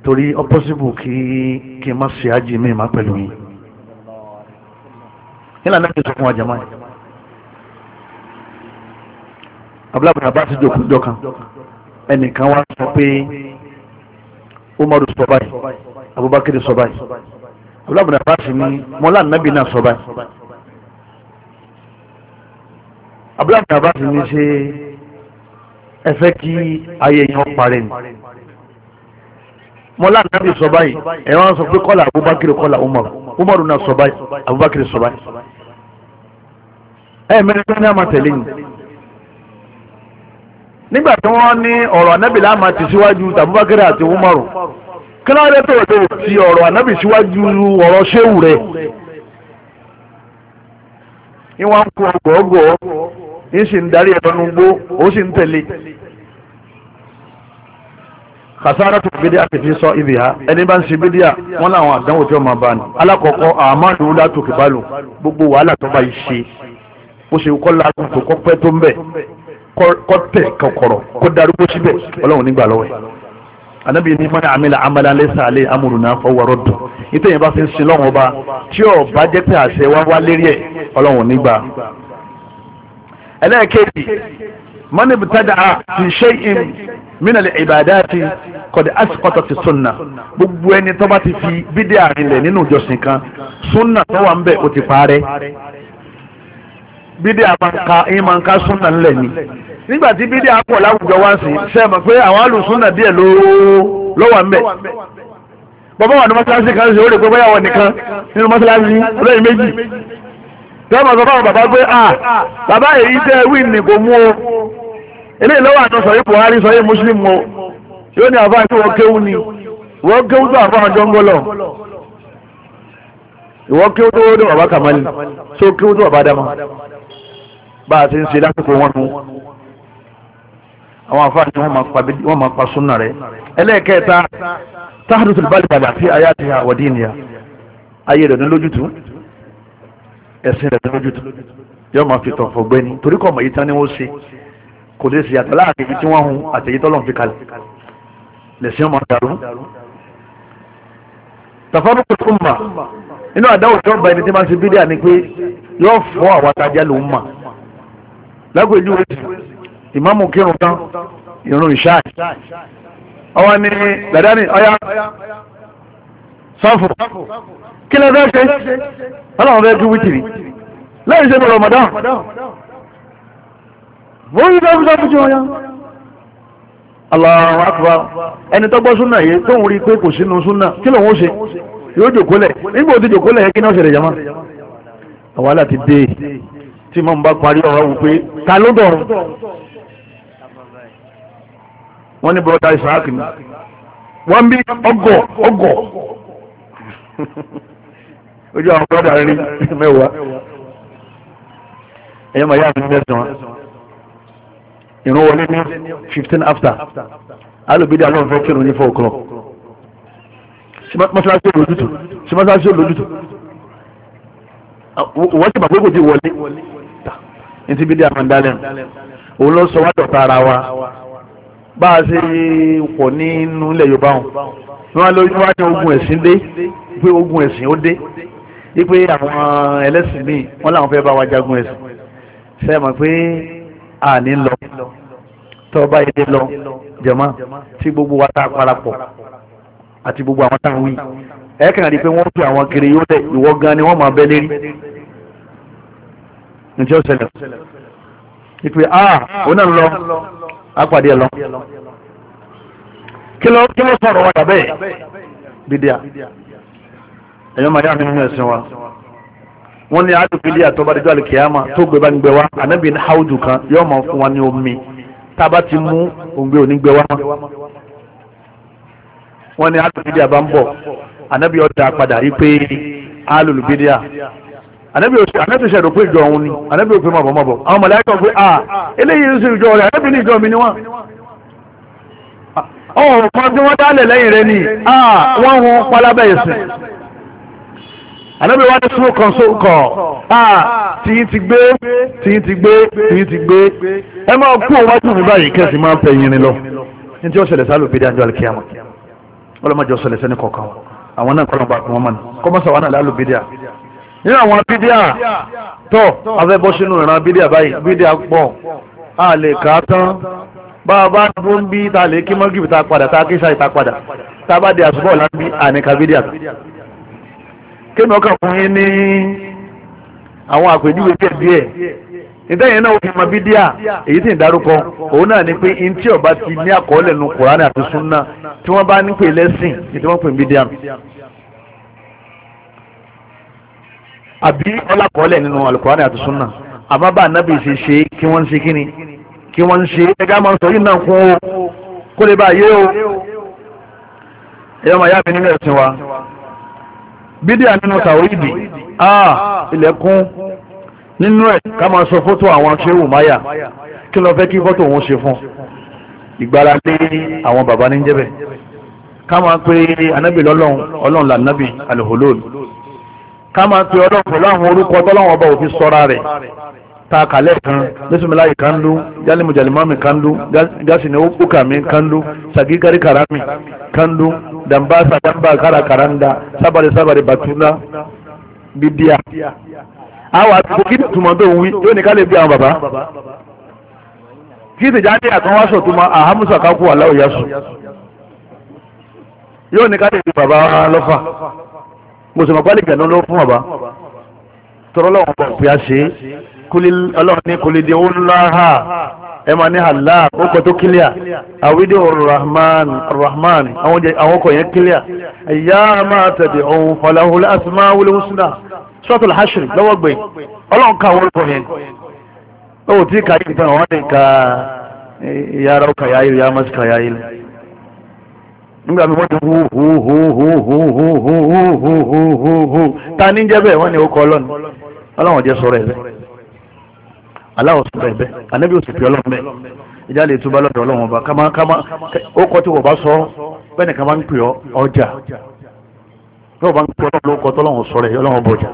torí ọpọ́sibù kí kí n má ṣe àjì mí má pẹ̀lú yín nílànà kí n sọ fún wa jama yìí abúlábùnà bá ti jòkó jọ ẹnìkan wá sọ pé umaru sọ báyìí abubakar sọ báyìí abúlábùnà bá sì ní mọ́lá nàbì náà sọ báyìí abúlé àbá ti ní ṣe ẹ fẹ́ kí ayé yẹn parẹ́ ni mọ́lá nàbì sọ báyìí ẹ̀ wọ́n sọ pé kọ́lá Abubakar kọ́lá Umar Umar náà sọ báyìí Abubakar sọ báyìí ẹ̀ mẹ́rin ní àmà tẹ̀lé yìí nígbà tí wọ́n ní ọ̀rọ̀ anábì láàmà ti síwájú Abubakar àti Umar kí ló dé tó o ti ọ̀rọ̀ anábì síwájú ọ̀rọ̀ ṣéwù rẹ̀ ní wọ́n ń kó ọgọ̀ọ̀gọ̀ ní sì ń darí ẹ̀rọ̀nù gbó ó sì ń tẹ̀lé kàsára tó gbédé àtẹ̀fí sọ ibi ha ẹni bá ń ṣe gbédé à wọn làwọn àdánwò tí wọn máa bá ní alákọ̀ọ́kọ́ àmàlù látòkè bá lò gbogbo wàhálà tó bá yìí ṣe ó ṣe kọ́ lágùn tó kọ́ pẹ́ tó ń bẹ̀ kọ́ tẹ̀ kọ̀kọ̀rọ̀ kó darúgbó síbẹ̀ ọlọ́run nígbà lọ́wọ́ ẹ̀ anábìyẹn ní mọ́ni àmì nítorí bá fi ń sin lọ́wọ́n ọba tí ò bá jẹ́ pé àṣẹ wá wá lérí ẹ̀ ọlọ́run nígbà. ẹlẹ́ẹ̀kejì mọ́nì bùtádà á ti ṣe ìm mínàlì ìbàdà ti kọ̀dé àsìkọ́tọ̀ ti sunna gbogbo ẹni tó bá ti fi bídé àrinlẹ̀ nínú ìjọsìn kan sunna tó wà ń bẹ̀ ó ti parẹ́ sunna ńlẹ̀ ni nígbà tí bídé àpọ̀ láwùjọ wá sí sẹ́ẹ̀ pé àwọn alùsùnà díẹ̀ ló ń bẹ̀. bàbá wà ní mọ́sálásí kan ṣe ó lè pé bóyá wọn nìkan nínú mọ́sálásí olóyìn méjì tí wọ́n sọ fáwọn bàbá pé à bàbá èyí tẹ́ wí ní kò mú o eléyìí lọ́wọ́ àtọ́ sọ̀yí Buhari sọ̀yí Muslim o yóò ní àfáà tí wọ́n kéwú ni wọ́n kéwú tó àfáà ọjọ́ ń gbọ́ lọ ìwọ́n kéwú tó wọ́n dé bàbá Kamali tó kéwú tó bàbá Dama bá a ti ń ṣe lásìkò wọn nu àwọn àfáà ni wọ́n máa pa súnà rẹ̀ ẹlẹ́ẹ̀kẹta tahadu tulbali bala fi ayati ha wa diniya ayé rẹ̀ ní lójútu ẹ̀sìn rẹ̀ ní lójútu yóò máa fi tọ̀ fọ̀ gbẹ́ni torí kọ̀ mọ̀ yìí tán ni wọ́n ṣe kò lè ṣe àtàlà àkèyí tí wọ́n hun àtẹ̀yí tọ́lọ̀ fi kalẹ̀ lẹ̀sìn ọmọ dàrú. tàfàbùkù tó mà inú àdáwò tó bá ẹni tí máa ń ṣe bídíà ni pé yóò fọ́ àwọn atajà ló ń mà lágbèjú ìmáàmù kírun tán ìrún ìṣáà ọwọ́ ni làdáni ọya sọ́fù kí lẹ́fẹ́ ṣe ọlọ́run fẹ́ kí wítìrì lẹ́yìn ṣe ní Ramadan wọ́n yí lọ́wọ́ sọ́fù jù ọya Allahu akbar ẹni tọ́gbọ́ súnà yìí tó ń rí pé kò sínú súnà kí lòun ó ṣe yóò jòkólẹ̀ nígbà òtí jòkólẹ̀ yẹ kí náà ṣẹlẹ̀ jama àwa láti dé tí mo ń bá parí ọ̀rọ̀ wù pé ta ló dọ̀rùn wọ́n ní bọ́dá isaac ni wọ́n bí ọgọ̀ ọgọ̀ ojú àwọn bọ́dá rí mẹ́wàá ẹ̀yọ́ màá yá àfin mẹ́sàn-án ìrún wọlé ní fifteen after alùbídà lọ́n fẹ́ kírun ní four o'clock mọ́sálásí olójútù sí mọ́sálásí olójútù wọ́n ti bàbá ògòdì wọlé ní ti bí dí àmàndálẹ̀ òun ló sọ wá dọ̀tà ara wa bá a ṣe pọ̀ nínú ilẹ̀ yorùbá wọn ni wọ́n lórí wá ní ogun ẹ̀sìn dé pé ogun ẹ̀sìn ó dé wípé àwọn ẹlẹ́sìn míì wọ́n làwọn fẹ́ bá wa jagun ẹ̀sìn ṣe pé a ní lọ tó bá ilé lọ jẹ̀mọ́ tí gbogbo wa tá a parapọ̀ àti gbogbo àwọn táwọn wí ẹ kàn rí i pé wọ́n fi àwọn kiri yóò lẹ̀ ìwọ gan ni wọ́n máa bẹ lérí ní ó ṣẹlẹ̀ wípé a ah, ò náà lọ apàdé ẹ lọ kí ló kí ló sọ̀rọ̀ máa nínú wa wọ́n ní àádùn bídíà tó bá dé jọ́lẹ̀ kìáma tó gbé bá ń wa ànábì omi tá a bá ti mú òǹgbẹ òní gbẹ wa wọ́n ní àádùn bídíà bá ń bọ̀ ànábì padà rí anabi o anabi sẹ dọ̀pẹ́ ìjọ òun ni anabi o pe mabọ̀ mabọ̀ àwọn mọ̀lẹ́kọ̀ pé a eléyìí ń sin ìjọ rẹ̀ anabi ní ìjọ mi ni wọ́n. ọ̀hún kan tí wọ́n dálẹ̀ lẹ́yìn rẹ̀ ni a wọ́n hun palabẹ́ ẹ̀sìn. anabi wa ni sún kan sún kọ̀ a tìyín ti gbé tìyín ti gbé tìyín ti gbé ẹ máa kú òun wájú mi báyìí kẹ́sì máa ń pẹ́ yín ni lọ ní tí ó ṣẹlẹ̀ sálò bí dájọ́ alikiyama ọlọ́mọdé ọ̀ṣẹlẹ̀ sẹ́ni kọ̀ọ̀kan àwọn náà kọ́ nínú àwọn bídíà tó afẹ́bọ́ sínú ìran bídíà báyìí bídíà pọ̀ a lè kà á tán a bá dún bí ta lè kí ta padà ta kí sáì ta padà ta bá di àsùbọ̀ lábí àníkà bídíà tán kémi ọkàn fún yín ní àwọn àpèjúwe díẹ̀ díẹ̀ ìtẹ́yìn náà ó fi bídíà èyí tí ń darúkọ òun náà ni pé ọba ti ní àkọọ́lẹ̀ nu kùránì àti súnà tí wọ́n bá pè lẹ́sìn wọ́n pè bídíà nù. àbí ọlákọọlẹ nínú alukurani àti sunna àmọ́ bá anabi ṣe ṣe kí wọ́n ń ṣe kíni kí wọ́n ń ṣe ẹgá máa ń sọ yìí náà kún o kó lè bá yé o ẹyọ màyá mi nínú ẹ̀sìn wa bídíà nínú tàwídì a ilẹ̀kùn nínú ẹ̀ ká máa sọ fótó àwọn ṣéwù máyà kí ló fẹ́ kí fótó òun ṣe fún ìgbára lé àwọn bàbá ní jẹ́bẹ̀ ká máa pé anábì lọ́lọ́run ọlọ́run làǹnábì alùhùlóòlù ká máa pe ọlọ́run pẹ̀lú àwọn orúkọ tọ́láwọn ọba òfin sọ́ra rẹ̀ ta kàlẹ́ kan lẹ́sùmíláyì kan ló jálẹ̀mùjálẹ̀mọ́mì kan ló jásìnà ókàmí kan ló sàgígárí karami kan ló dàmbá sàdánbà kárakaranda sábàrì sábàrì bàtúlá bídíà. àwọn àtúntò kí ni tùmọ̀ tó ń wí yóò ní ká lè bí àwọn bàbá kí ìtìjà ní àtúnwáṣọ tó máa àhámúsà kákú aláwòyásù yóò ní ká lè bí bàbá lọ́fà mùsùlùmí pálíkà ló ló fún bàbá tọrọ lọ́wọ́n bọ̀ pé a ṣe ọlọ́run ní kulidi ọláha ẹ máa ní àlá àkókò tó kílíà àwídí rahman rahman àwọn ọkọ̀ yẹn kílíà ẹ̀yà máa tẹ̀dẹ̀ ohun ọ̀làhùn asùnmá wọlé wùsùnà sọ́tò làásìrì lọ́wọ́ gbé ọlọ́run ká àwọn ọkọ̀ yẹn ó tí kàyé kìtàn àwọn ọ̀dẹ̀ ká ìyára ọkọ̀ yáyé ìyá mọ́sí kàyáyé lọ nígbà mi wọ́n ti hó hó hó hó hó hó hó hó hó hó hó hó ta ní jẹ́ bẹ́ẹ̀ wọ́n ni ó kọ́ ọlọ́ni ọlọ́run jẹ́ sọ̀rọ̀ ẹ̀bẹ́ aláwọ̀ sọ̀rọ̀ ẹ̀bẹ́ anábì òsì pé ọlọ́run bẹ́ẹ̀ ìjà lè túbọ̀ lọ́dọ̀ ọlọ́run ọba kama kama ó kọ́ tí wọ́n bá sọ bẹ́ẹ̀ ni kama ń pè ọjà bí wọ́n bá ń pè ọlọ́run ló kọ́ tọ́lọ́run sọ̀rọ̀ ẹ̀ ọlọ́run bọ̀jà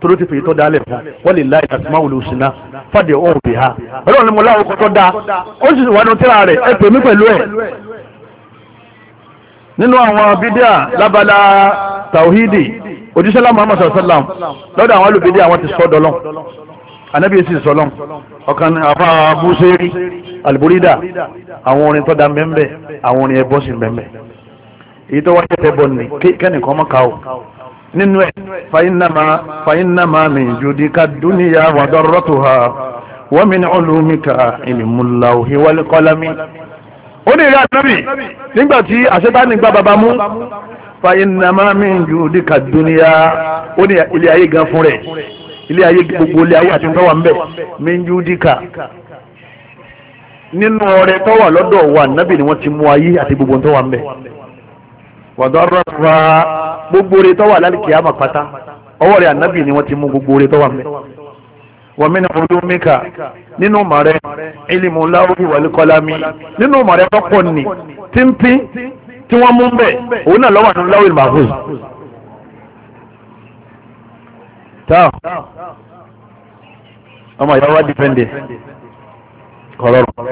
toro ti fèyí tó dálẹ̀ fún wọ́n lè láì àtìmáwò lùsìnà o ọ̀hún bìhá ọlọ́run ni mo o kọ́ da dáa ó sì wà nù tíra rẹ̀ ẹ pè mí pẹ̀lú ẹ̀ nínú àwọn bídíà lábala tàwídì òjíṣẹ́lá muhammad sallam lọ́dọ̀ àwọn olùbídíà wọn ti sọ dọ́lọ́ anábìyẹ sì sọ lọ́n ọ̀kan àfa búṣẹ́rí alburida àwọn orin tọ́da mẹ́mbẹ́ àwọn orin ẹbọ sí mẹ́mbẹ́ èyí tó wáyé tẹ́bọ̀ ní kẹ́nìkan mọ́ ká o nínú ẹ̀ fàyínnàmá mi jùdí ká dúníyà wàdọ́rọ́tò ha wọ́n mi ní olùmíkà ìlìmúlà òhìwálẹ́kọ́lámí ó ní ìrẹ́ ànábì nígbà tí àṣetáni gba bàbá mú fa innama min judika dunya ó ní ilé ayé gan fún rẹ̀ ilé ayé gbogbo ilé ayé àti tọ́wà ń bẹ̀ min judika nínú ọrẹ tọ́wà lọ́dọ̀ wa nábì ni wọ́n ti mú ayé àti gbogbo tọ́wà ń bẹ̀ wàdọ́rọ̀ fa gbogbo rẹ̀ tọ́wà lálẹ́ kìí àmà pátá ọwọ́ rẹ̀ ànábì ni wọ́n ti mú gbogbo rẹ̀ tọ́wà ń bẹ̀ wọ́mí ní olómìnkà nínú mọ̀rẹ́ ìlímù láwùjọ wàlúkọ́lámi nínú mọ̀rẹ́ lọ́pọ̀ ní tíntín tí wọ́n mú bẹ́ẹ̀ òun náà lọ́wọ́ àdúrà láwùjọ mahfuz. tá ọmọ ìyá wa dìpẹ́ndì kọlọ́rọ̀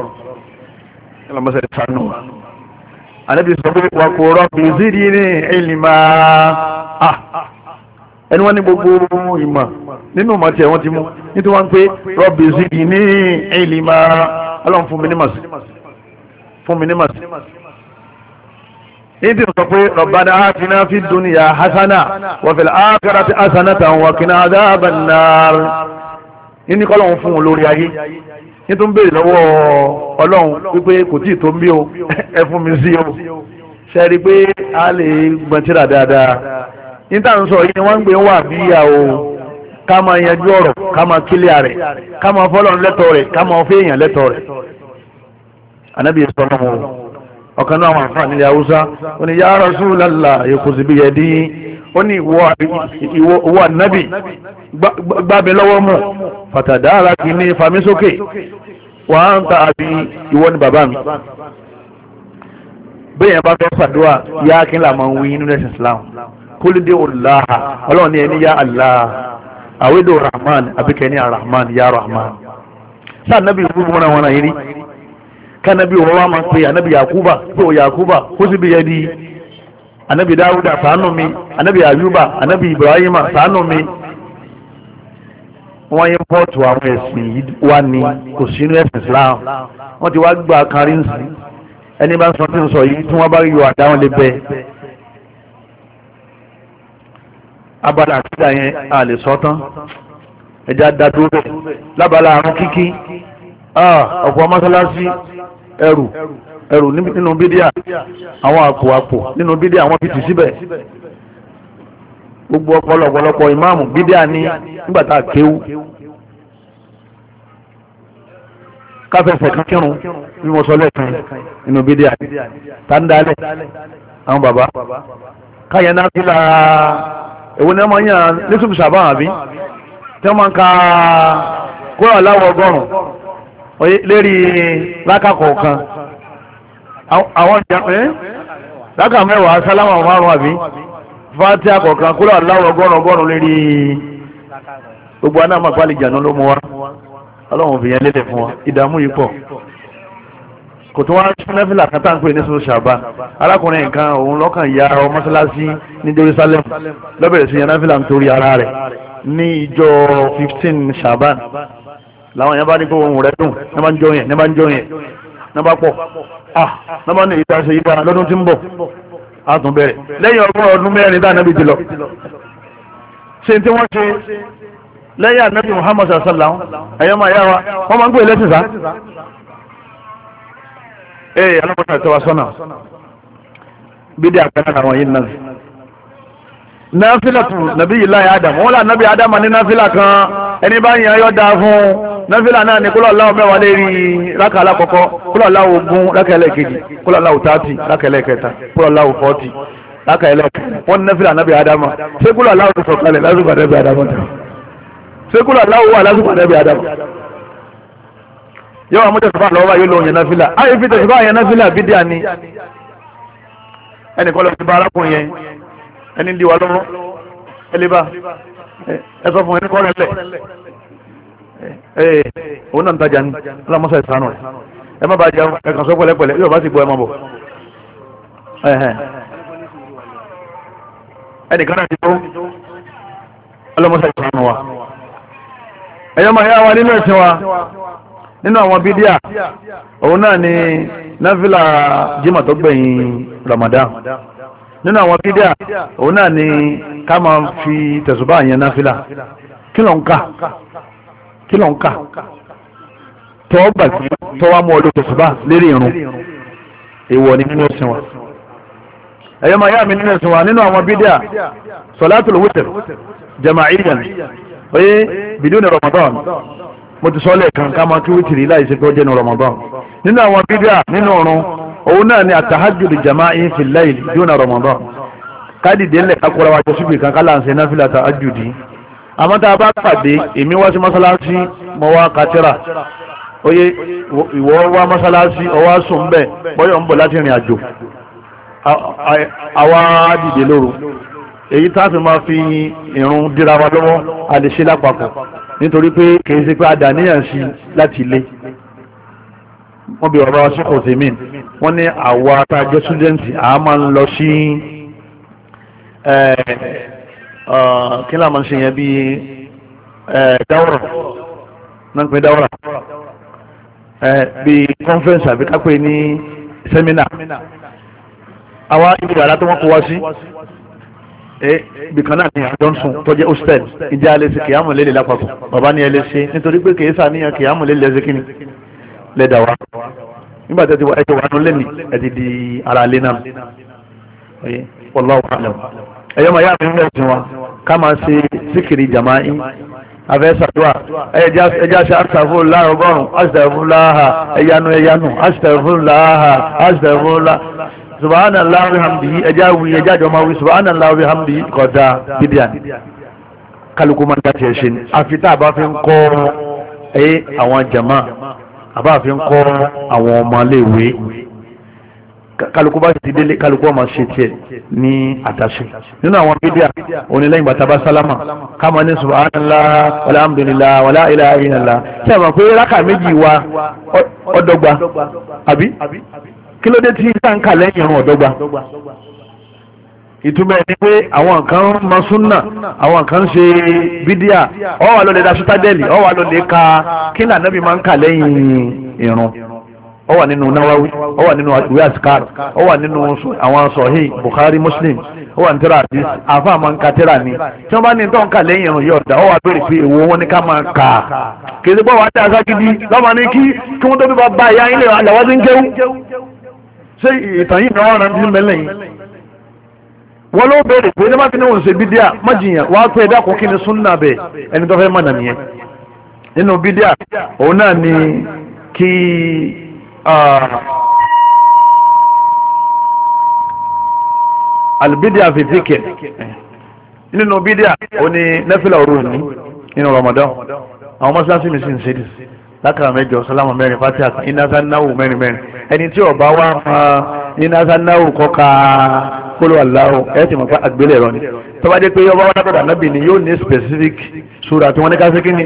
ẹlọmọsẹ̀ sànù wa anabi sọ pé wà kó rọ́ọ̀bì zidini ìlímà ah, ẹni wọ́n ní gbogbo ìmọ̀ nínú màtí ẹ̀ wọ́n ti mú nítorí wọ́n pé rọ́bì zigi ní ìlímà ọlọ́run fún mi ní màsí fún mi ní màsí. ní ti sọ pé rabbana atina fid dunya hasana wa fil akhirati hasanatan wa qina adhaban nar ní kọ́ ọlọ́run fún un lórí ayé ní tó ń béèrè lọ́wọ́ ọlọ́run wípé kò tí ì tó ń bí o ẹ fún mi sí o ṣe pé a lè gbọ̀ntìrà dáadáa ní táwọn sọ yìí wọ́n ń gbé wà bíyà o. Kama máa yanjú ọ̀rọ̀ kama máa kílẹ̀ rẹ̀ ká máa fọ́lọ́run lẹ́tọ̀ọ́ rẹ̀ ká máa fẹ́ èèyàn lẹ́tọ̀ọ́ rẹ̀ anábì sọ́nà wọn ọ̀kan náà àwọn àfáà nílẹ̀ haúsá ó ní ya Rasulullah èkó síbi yẹ dín ó ní ìwọ ànábì gbábẹ lọ́wọ́ mú fàtàdá ara ní fami sókè wà á ń ta àbí ìwọ ni bàbá mi bẹ́ẹ̀ bá fẹ́ fàdúrà yá kí n là máa ń wí nínú ẹ̀sìn Islam kólídé òlàhà ọlọ́run ní ẹni yá Allah àwédò rahman àbíkẹ́ ní arahman ya rahman sáà nábì ìwúrú wọn àwọn àyírí kánábì wọn wá máa pe ànábì yakuba pé o yakuba kó sì bí yẹdi ànábì dáwúdà ṣàánú mi ànábì ayuba ànábì ibrahima ṣàánú mi wọ́n yín pọ́ọ̀tù àwọn ẹ̀sìn yìí wá ní kò sínú ẹ̀sìn islam wọ́n ti wá gba kárí ẹni bá sọ tí ń sọ yìí tí wọ́n bá yọ àdáwọn lè bẹ́ẹ̀. abala àtìdá yẹn a lè sọ tán ẹja dádúró bẹ́ẹ̀ lábala àrùn kíkí ọ̀pọ̀ mọ́sálásí ẹrù ẹrù nínú bídíà àwọn àpò àpò nínú bídíà àwọn fi tì síbẹ̀ gbogbo ọ̀pọ̀lọpọ̀lọpọ̀ ìmáàmù bídíà ní nígbà tá a kéwú káfẹsẹ̀ kan kírun bí mo sọ lẹ́ẹ̀kan nínú bídíà tá ń dalẹ̀ àwọn bàbá káyẹ̀ náà sí la èwo ni wọ́n máa ń yàn nísùkú sàbá àbí tí wọ́n máa ń ka kúrò aláwọ̀ ọgọ́rùn lérí lákàkọ̀ kan àwọn ìjà ẹ́ lákà mẹ́wàá sálámà márùn àbí fàtí àkọ̀kan kúrò aláwọ̀ ọgọ́rùn ọgọ́rùn lérí gbogbo anáàmà pálí ìjà náà ló mú wa ọlọ́run fi yẹn lélẹ̀ fún wa ìdààmú yìí pọ̀ kò tún wá nẹ́fìlà kan tá à ń pè ní sọ́sọ́ ṣàbá arákùnrin nǹkan òun lọ́kàn ya ọ mọ́sálásí ní Jerusalem lọ́bẹ̀rẹ̀ sí yan nẹ́fìlà nítorí ara rẹ̀ ní ìjọ fifteen ṣàbá làwọn yẹn bá ní kó ohun rẹ̀ dùn ní bá ń jọ yẹn ní bá ń jọ yẹn ní bá pọ̀ ah ní bá ní ìdá ṣe yípa lọ́dún tí ń bọ̀ á tún bẹ̀rẹ̀ lẹ́yìn ọgbọ̀n ọdún mẹ́rin tá ànábì ti lọ ṣe tí wọ́n ṣe lẹ́yìn ànábì Muhammad sallallahu ẹ̀yọ́ máa yá wa wọ́n máa ń pè lẹ́sìn sá ee alamọta tẹwa sọnà bídí àpẹẹrẹ àwọn yìí náà náfìlàtù nàbí yìí láyé ádámù wọn là nàbí ádámù ní náfìlà kan ẹni bá yàn yọ dáa fún náfìlà náà ní kúlọ̀ láwù mẹ́wàá lè rí rákà alákọ̀ọ́kọ́ kúlọ̀ láwù ogún rákà ẹlẹ́ẹ̀kejì kúlọ̀ láwù tààtì rákà ẹlẹ́ẹ̀kẹta kúlọ̀ láwù fọ́ọ̀tì rákà ẹlẹ́ẹ̀kẹ wọn náfìlà nàbí ádámù ṣé kúlọ̀ láwù sọ̀kalẹ̀ lásìkò àdàbí ádámù ṣé kúlọ̀ láwù wà lásìkò àdàbí Adam yóò wà mọ́tò sọ́fà lọ́wọ́ yóò lọ yẹn náfìlà ayé fi tẹ̀sí fáwọn yẹn náfìlà bídí àní ẹnì kan lọ sí bá arákùnrin yẹn ẹni ń di wa lọ́rọ́ ẹlẹ́bà ẹ sọ fún ẹni kọ́ rẹ̀ lẹ̀ ee òun náà ń tajà ní alámọ́sá ìsánú rẹ̀ ẹ má bàa jẹun ẹ kàn sọ pẹ̀lẹ́pẹ̀lẹ́ yóò bá sì bọ ẹ má bọ̀ ẹnì kan náà ti tó alámọ́sá ìsánú wa ẹ̀yọ́ máa yá wa nínú ẹ̀sìn wa nínú àwọn bídíà òun náà ni náfìlà jimá tó gbẹ̀yìn Ramadan nínú àwọn bídíà òun náà ni ká máa fi tẹ̀sùbá yẹn náfìlà kí ló ń kà kí ló ń kà tọ́ gbàgbé tọ́ wá mú ọdún tẹ̀sùbá lérí irun èèwọ̀ ni nínú ẹ̀sìn wa ẹ̀yọ́ máa yá mi nínú ẹ̀sìn wa nínú àwọn bídíà sọ̀látùl wítìr jama'iyyan oyé bìdúnì Ramadan mo ti sọ lẹ́ẹ̀kan ká máa kí wítìrì láì ṣe pé ó jẹ́ ní Ramadan nínú àwọn bídíà nínú ọ̀run òun náà ni àtàhájùdù jama'i fil layl dúnà Ramadan kádìdé ńlẹ̀ kakura wa jọ́sí bìkan ká láǹṣẹ́ náfìlà tàhájùdì àmọ́ tá a bá pàdé èmi wá sí mọ́sálásí mo wá katira oye ìwọ wá mọ́sálásí ọwọ́ sùn bẹ́ẹ̀ bọ́yọ̀ ń bọ̀ láti rìn àjò àwa dìde lóru èyí tá fi máa fi ìrun dira lọ́wọ́ àdìsí lápapọ̀ nítorí pé kìí ṣe pé àdàníyàn sí láti ilé wọ́n bí ọ̀rọ̀ sọ́kò tèmín wọ́n ní àwa àtàjọ ṣúdẹ́ǹtì a máa ń lọ sí kí láàmà ṣe yẹn bí dáwọ̀rọ̀ náà pé dáwọ̀rọ̀ bí conference àbí kápẹ́ ní sẹ́mínà àwa ibi ìgbàlá tó wọ́n kó wá sí. Eh, bìkan náà ni àjọ ń sùn tó jẹ́ hostel ìjà alẹ́ sí kìámù lélẹ̀ lápapọ̀ bàbá ni ẹ lè ṣe nítorí pé kìí sàníyàn kìámù lélẹ̀ ẹsẹ̀ kìíní lẹ́dà wa nígbà tó ti wá ẹ̀jẹ̀ wà nù lẹ́nì ẹ̀ ti di ara alẹ́ náà wallahu a'lam ẹ̀yọ́ màá yá mi ń rẹ̀ wa ká máa ṣe síkìrì jàmáì afẹ́ sàdúrà ẹja ṣe asàfúnlá ọgọ́rùn-ún asàfúnlá ẹyanu ẹyanu asàfúnlá asàfúnlá subhanallahi wa hamdihi ẹjá wí ẹjá jọ máa wí subhanallahi wa hamdihi kọjá bídíà ni kálukú máa ń dá tiẹ̀ ṣe ni àfi tá a bá fi ń kọ́ ẹ àwọn jama a bá fi ń kọ́ àwọn ọmọléèwé kálukú bá ti délé kálukú ọmọ ṣe tiẹ̀ ní àtàṣe nínú àwọn bídíà onílẹ̀yìn bàtà bá sálámà káma ní subhanallah walhamdulillah wala ilaha illallah ṣé àmọ̀ pé rákà méjì wa ọ̀dọ́gba àbí kí ló dé tí táǹkà lẹ́yìn ọ̀run ọ̀dọ́gba ìtumọ̀ ẹni pé àwọn kan mọ súnà àwọn kan ṣe bídíà ó wá lọ lè da sítádẹ́ẹ̀lì ó wá lọ lè ka kí ni ànábì máa ń kà lẹ́yìn ìrun ó wà nínú náwáwí ó wà nínú ìwé àsìkár ó wà nínú àwọn sọ̀hí Bukhari Muslim ó wà ní tẹ́lá àti àfa àmọ́ ń ka tẹ́lá ni tí wọ́n bá ní tó ń kà lẹ́yìn ìrun yọ̀ọ̀dà ó wà bẹ̀rẹ̀ pé èwo wọn ni ká máa kà á kì í ṣe pé wàá dá aṣá bí bá ṣé ìtàn yìí náà rán bíi mẹ́lẹ̀ yìí wọ́n ló béèrè pé ní bá ti ní òun ṣe bídíà má jiyàn wá pé ẹ̀dá kan kí ni súnà bẹ̀ ẹni tó fẹ́ mọ̀nà nìyẹn nínú bídíà òun náà ni kí albidia fi zikir nínú bídíà òun ni nẹ́fìlà òru ní nínú Ramadan àwọn mọ́sálásí mi sì ń ṣe dì lákàrà mẹ́jọ sálámà mẹ́rin fatiha iná sánáwó mẹ́rin mẹ́rin ẹni tí ọba wa ma iná sanáwó kọ́ka kóló aláwọ̀ ẹ ti mọ̀ pé àgbélẹ̀rọ ni tọ́ba dé pé ọba wa dọ̀dọ̀ anábì ni yóò ní specific sura tí wọ́n ní ká sí kíni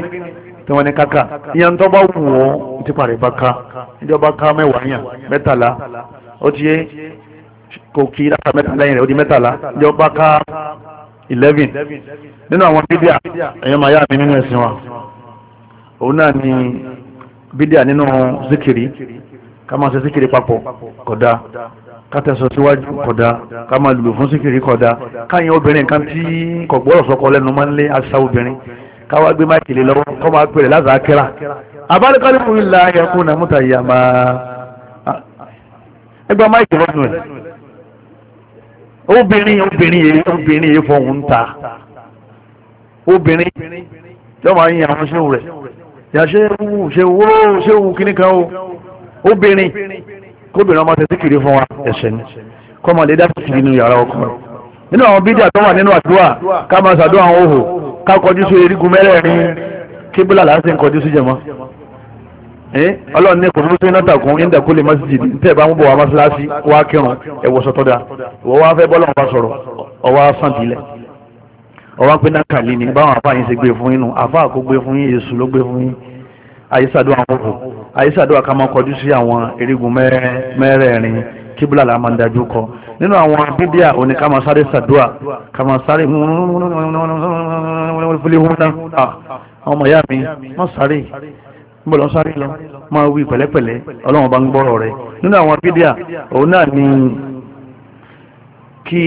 tí wọ́n ní káka ìyẹn tó bá wù ọ́ ti parí bá ká ìjọba ká mẹ́wàá yàn mẹ́tàlá ó ti yé kò kí láta mẹ́tàlá yẹn rẹ̀ ó di mẹ́tàlá ìjọba ká eleven nínú àwọn bídíà ẹ̀yọ́ máa yá mi nínú ẹ̀sìn wa òun náà ni bídíà nínú zikiri Kama máa ṣe síkiri papọ̀ kódà ká tẹ̀sọ̀ síwájú kódà ká máa lùlù fún síkiri kódà káyìn obìnrin kan tí kò gbọ́dọ̀ sọkọ lẹ́nu máa ń lé aṣa obìnrin ká wá gbé máìkì lé lọ́wọ́ kọ́ máa pèrè láza akẹ́rà abáríkálí fún ilà ayẹkùn náà múta ìyá máa ẹgbẹ́ máìkì lọ́nu ẹ̀ obìnrin obìnrin yìí obìnrin yìí fọ̀hún ta obìnrin yọ máa ń yin àwọn ṣéwù rẹ̀ yà ṣéwù ṣéwù ṣéwù kíníkan o obìnrin kóbìnrin ọmọ tẹ̀sí kiri fún wa ẹ̀ṣẹ̀ ni kọ́mọ lè dá sí nínú yàrá ọkọ rẹ̀ nínú àwọn bídíà tó wà nínú àdúrà ká máa ṣàdúrà àwọn òhò ká kọjú sí erigun mẹ́rẹ̀ẹ̀rin kébùlà láti ń kọjú sí jẹ̀mọ́ ọlọ́run ní kò fún sí iná tàkùn ní ìdàkúlẹ̀ masjid tẹ́ ẹ bá ń bọ̀ wá mọ́ṣáláṣí wá kírun ẹ̀wọ̀ sọ́tọ́dá ìwọ wá fẹ́ bọ́lọ̀ wá sọ̀rọ̀ ọwọ́ sàn tilẹ̀ ọwọ́ pé náà kàlí ni báwọn àfáà yín ṣe gbé fún yín nù àfáà kò gbé fún yín èṣù ló gbé fún yín àyíṣàdúrà àwọn òhò àyíṣàdúrà ká máa kọjú sí àwọn erigun mẹ́rẹ̀ẹ̀rin kíbùlà la máa ń dájú kọ nínú àwọn bíbíà òní ká máa sáré sàdúrà ká máa sáré fúlihúnná àwọn ọmọ ìyá mi wọ́n sáré níbo lọ sáré lọ máa wí pẹ̀lẹ́pẹ̀lẹ́ ọlọ́run bá ń gbọ́rọ̀ rẹ̀ nínú àwọn bíbíà òun náà ni kí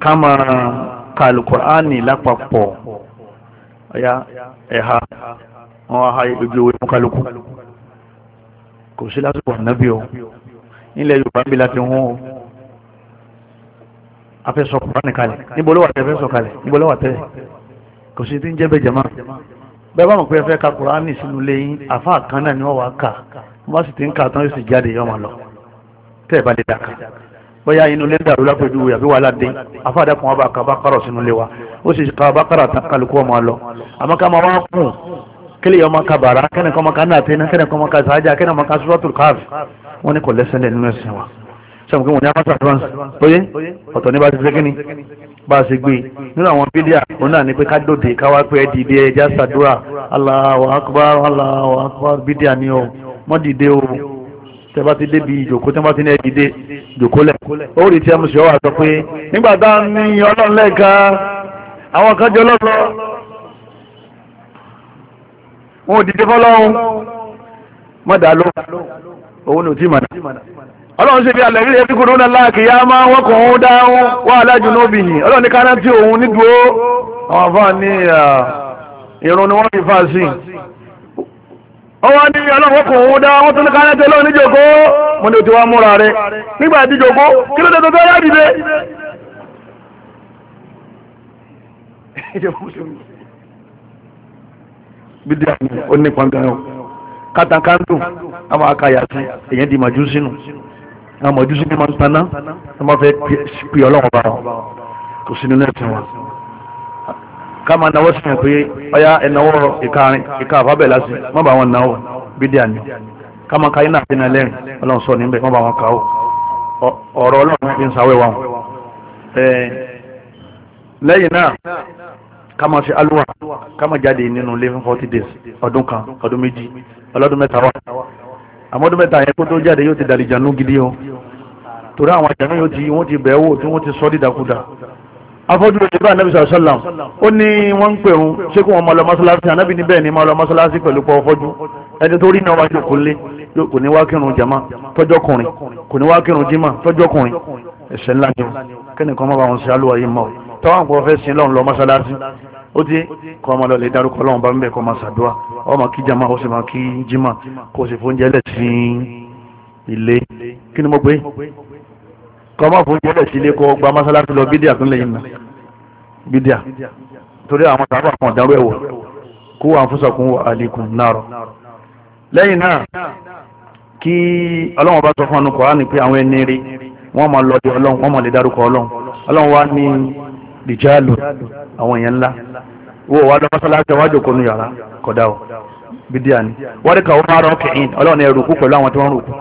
ká máa ka alukur'ani lápapọ̀ ẹ̀ha wọn á ha ojú owó kálukú kò sí lásìkò ànábì o nílẹ̀ yorùbá bí láti hún o afẹ́sọ kùránì kalẹ̀ níbo ló wà tẹ́ fẹ́sọ kalẹ̀ níbo ló wà tẹ́ kò sí tí ń jẹ́ bẹ́ẹ̀ jẹ́má bẹ́ẹ̀ bá mọ̀ pé ẹ fẹ́ ka kùránì sínú lẹ́yìn àfa kan náà ni wọ́n wà á kà wọ́n sì ti ń kà tán yóò sì jáde yọmọ lọ tẹ́ ẹ bá lè dàkà bóyá inú ilé dàrú lápẹjù àbí wàhálà dé àfa àdàkùn wọn bá ka bá kárọ̀ sínú ilé wa ó sì ka bá kárọ̀ kálukú ọmọ lọ àmọ́ ká máa wá kùn kílè yọ ọmọ ka bàrà kẹ́nì kan ọmọ ka náà tẹ́nà kẹ́nì kan ọmọ ka sàájà kẹ́nì ọmọ ka suratul Kahf wọ́n ní kò lẹ́sẹ̀ nínú ẹ̀sìn wa sọ̀rọ̀ pé wọ́n ní amasa france lóye ọ̀tọ̀ ní bá ti ṣe kíni bá a ṣe gbé nínú àwọn bídíà òun náà ni pé ká dòde ká wá pé ẹ dìde ẹja ṣàdúrà Allahu akbar Allahu akbar bídíà ni o mọ́ dìde o tẹ bá ti débi ìjòkó tẹ bá ti ní ẹ dìde ìjòkó lẹ ó rí tí ẹ mú sí wà sọ pé nígbà tá a ní ọlọ́run lẹ́ẹ̀ka àwọn kan jọ wọn ò dìde fọlọ́run òun ò tí mọ̀nà. ọlọ́run ṣe bí alẹ́ rí ẹbí kúrò náà láàkì yá máa wọ́n dáhùn wọ́n náà bì yìn ọlọ́run ní káná tí òun nídùú àwọn ní ni wọ́n sí ọwọ́ ní ọlọ́run kò ń dá wọ́n tún ní káyẹ́ tẹ́lọ́ ní jòkó mo ní wá múra nígbà tí bídí àmì ó ní pàǹgà o kátàkándù àwọn akáyàtì èyàn di màjú sínú àwọn màjú sínú máa ń taná wọ́n máa fẹ́ pè ọlọ́run bá wọn kò sínú lẹ́sìn wọn ká máa náwó sí pé ọyá ẹnáwó ìkarin ìka àfábẹ̀ lásì má bá wọn náwó bídí àmì ká máa ka iná àti iná lẹ́rìn ọlọ́run sọ níbẹ̀ má bá wọn kà wa lẹ́yìn náà ká máa ṣe alúwà ká máa jáde nínú ilé fún forty days ọdún kan ọdún méjì ọlọ́dún mẹ́ta wá àmọ́ ọdún mẹ́ta yẹn kó tó jáde yóò ti dàlìjànú gidi o torí àwọn àjànú yóò ti wọ́n ti bẹ̀ wò tí wọ́n ti sọ dídàkudà afọ́jú ló ti bá anabi sàlọ́ sàlám ó ní wọ́n ń pè ń ṣé kí wọ́n máa lọ mọ́ṣáláṣí anabi ní bẹ́ẹ̀ ni máa lọ mọ́ṣáláṣí pẹ̀lú pọ̀ fọ́jú ẹni tó rí náà wájú kò lé kò ní wá kírun jama tọ́jọ́kùnrin kò ní wá kírun jimá tọ́jọ́kùnrin ẹ̀ṣẹ̀ ńlá ni o kẹ́nìkan má bá wọn ṣe alúwa yìí mọ́ o tọ́wọ́n kò fẹ́ sin lọ́run lọ mọ́sálásí ó dé kọ́ ọmọ lọ́lẹ̀ dárúkọ lọ́run bá ń bẹ̀ kọ́ máa ṣàdúrà ọmọ kí jama ó sì máa kí jimá kó sì fún jẹ́lẹ̀ sí ilé kí ni mo gbé kọ́ ọmọ fún jẹ́lẹ̀ sí ilé kọ́ gba mọ́sálásí lọ bídíà tó lẹ́yìn náà bídíà torí àwọn sábà kan dárú ẹ̀wọ̀ kó wà fún sọkún àlékún náà lẹ́yìn náà kí ọlọ́run bá sọ fún ọnù wọ́n máa lọ di ọlọ́run wọ́n máa lè dárúkọ ọlọ́run ọlọ́run wá ní dìjálù àwọn èèyàn ńlá wọ́n wá lọ́mọ́sálásí wájú kò ní yàrá kọ̀dá o bídíà ni wọ́n rí kàwọ́ máa rọ́ọ̀kì in ọlọ́run ẹ̀ rùkú pẹ̀lú àwọn tí wọ́n rùkú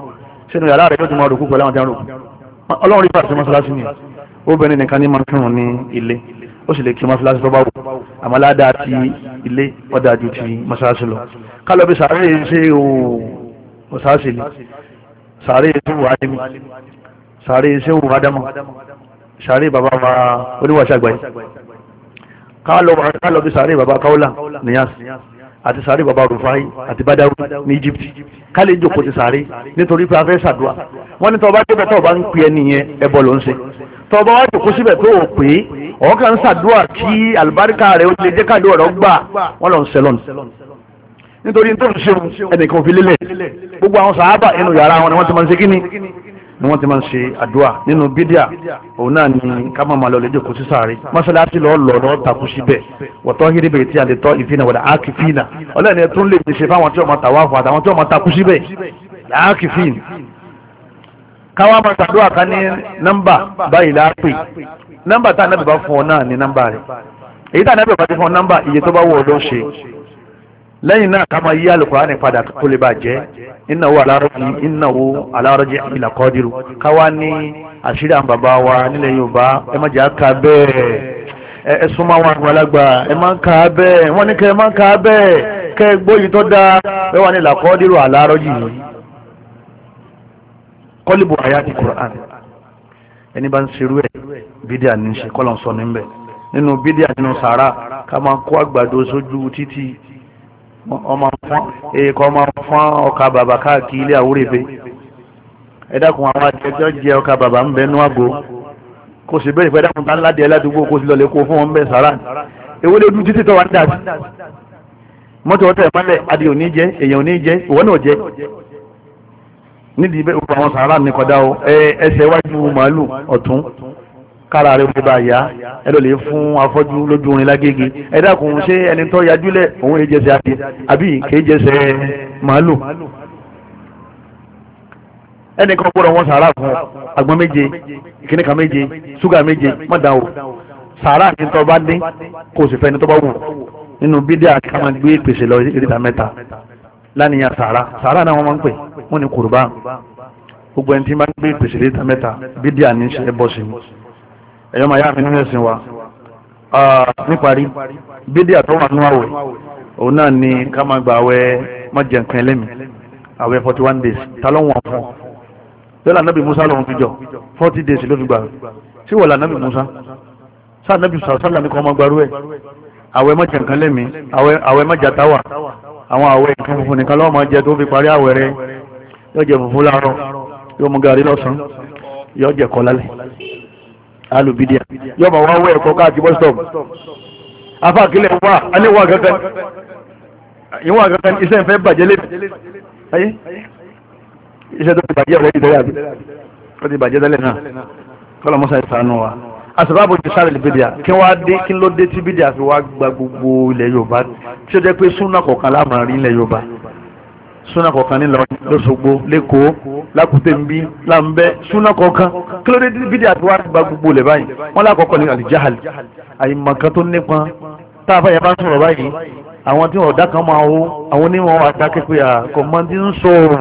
sínú yàrá rẹ̀ yóò ti máa rùkú pẹ̀lú àwọn tí wọ́n rùkú ọlọ́run rí pàṣẹ mọ́sálásí ni obìnrin nìkan ní máa ń kírun ní ilé ó sì lè kí mọ́sálásí tó bá wù àmọ́ ládàá ti ilé ọ̀dà ju ti mọ́sálásí lọ kálọ̀ bí sàárè ṣe ò sàárè ṣe wù ádámù sàárè sàárè bàbá wa oníwàṣà àgbáyé kálọ̀ bí sàárè bàbá kaula niyas àti sàárè bàbá rufai àti badaru ní Egypt kálẹ̀ ìjòkó ti sàárè nítorí pé a fẹ́ sàdúrà wọ́n ní tọ́ba débẹ̀ tọ́ba ń pè é nìyẹn ẹbọ ló ń ṣe tọ́ba wá jòkó síbẹ̀ tó o pè é ọ̀hún kan sàdúrà kí àlùbáríkà rẹ̀ ó lè jẹ́ káàdó ọ̀rọ̀ gbà wọ́n lọ ń sẹlọ̀n nítorí tó ń ṣe ẹnìkan fi lélẹ̀ gbogbo àwọn sàábà inú yàrá wọn ni wọ́n ti máa ń ṣe kíni ni wọ́n ti máa ń ṣe àdúrà nínú bídíà òun náà ni ká máa máa lọ lẹ́jọ́ kó sí sáré mọ́ṣáláṣí lọ́ọ́ lọ́ lọ́ọ́ takú síbẹ̀ wọ́tọ́ híríbèrè tí a lè tọ́ ìfínà wọ̀dà ákìfínà ọlọ́ọ̀ni ẹ̀tún lè ṣe fáwọn tí wọ́n tàwa fún àtàwọn tí wọ́n takú síbẹ̀ ákìfín káwá máa ṣàdúrà ká ní nọ́mbà báyìí láàpè nọ́mbà tá lẹ́yìn náà ká máa yí alukurani padà kó lè bá jẹ́ innahu ala raji'i ala káwá ní àṣírí àwọn bàbá wa nílẹ̀ yorùbá ẹ má jà ká bẹ́ẹ̀ ẹ súnmọ́ àwọn àwọn alágbà ẹ má ká bẹ́ẹ̀ wọ́n ní kẹ́ ẹ má ká bẹ́ẹ̀ kẹ́ ẹ gbóyè tó dáa ẹ wà ní ala raji'i kọ́líbù ẹni bá ń serú bídíà ní ṣe ọmọ fún èèkọ́ ọmọ fún ọkà bàbà káàkiri ilé àwúrẹ́fẹ́ ẹ dákun àwọn àjẹjọ́ jẹ ọkà bàbà ń bẹ nú àgbo kò sì bẹ́ẹ̀ ìfẹ́ dákun tá ńlá dé ládùúgbò kò sì lọ lè kó fún wọn bẹ́ẹ̀ sára ewúlé dún títí tọ́ wa ń dà sí mọ́tò ọ̀tẹ̀ ìmọ̀lẹ̀ adì òní jẹ èèyàn òní jẹ ìwọ náà jẹ nídìí bẹ́ẹ̀ gbogbo àwọn sàrà ní kọjá ẹsẹ̀ iwájú màálù ọ̀tún kára rẹ̀ bó bá yá ẹ lọ lè fún afọ́jú lójú orin lágége ẹ dákun ṣé ẹni tó yajúlẹ̀ òun èjẹsẹ̀ àti àbí kèéjẹsẹ̀ màálù ẹnì kan gbọ́dọ̀ wọn sàárà fún agbọ́n méje ìkíní kan méje ṣúgà méje mọ̀dà o sàárà ni tó bá dín kò sì fẹ́ ni tó bá wù nínú bídíà kí a máa gbé pèsè lọ ìrìtà mẹ́ta lánìyàn sàárà sàárà náà wọ́n máa ń pè wọ́n ní kùrùbá gbogbo ẹni tí máa gbé pèsè ìrìtà mẹ́ta bídíà ní ṣe é bọ́ sí i ẹ̀yọ́ máa yáàfin nínú ẹ̀sìn wa níparí bídí àtọ́wà nínú àwẹ̀ òun náà ni ká máa gba àwẹ̀ mọ́jẹ̀ nǹkan ẹlẹ́mì àwẹ̀ forty one days ta ló ń wọ̀n fún lọ́la nábì Musa lòun fi jọ forty days ló fi gbà sí wọ̀lá nábì Musa sáà nábì sàlá ní kọ́ ọmọ gbarú ẹ̀ àwẹ̀ mọ́jẹ̀ nǹkan lẹ́mì àwẹ̀ mọ́jà táwà àwọn àwẹ̀ nǹkan funfun nìkan lọ́wọ́ máa jẹ tó fi parí àwẹ̀ rẹ yóò alubidia yóò máa wá wẹ̀ ẹ̀kọ́ káàkiri bus stop afa kílẹ̀ wá aléwà kankan ìwọ̀n kankan iṣẹ́ ìfẹ́ bàjẹ́ lé ayé iṣẹ́ tó ti bàjẹ́ ọ̀rẹ́ ìdẹ́rẹ́ àbí tó ti bàjẹ́ tẹ́lẹ̀ náà kọ́lá mọ́sá ìsànú wa àsìbáàbò ti sáré lè bídíà kí wọ́n á dé kí ló dé tí bídíà fi wá gba gbogbo ilẹ̀ Yorùbá tí ó jẹ́ pé súnà kọ̀ọ̀kan láàmú rí Yorùbá súnà kọ̀ọ̀kan ní lọ́sọ̀gbó lẹ́kọ̀ọ́ lákùtẹ́ ń bí láǹbẹ́ súnà kọ̀ọ̀kan kí ló dé bídí àti wá gba gbogbo lẹ̀ báyìí wọ́n lákọ̀ọ́kọ́ ní àlìjáhàlì àyìnmọ̀kan tó nípa tá a fàyà bá ń sọ̀rọ̀ báyìí àwọn tí wọ́n dákan máa hó àwọn onímọ̀ àtàkì pé àkọ́mọ́dé ń sọ̀rọ̀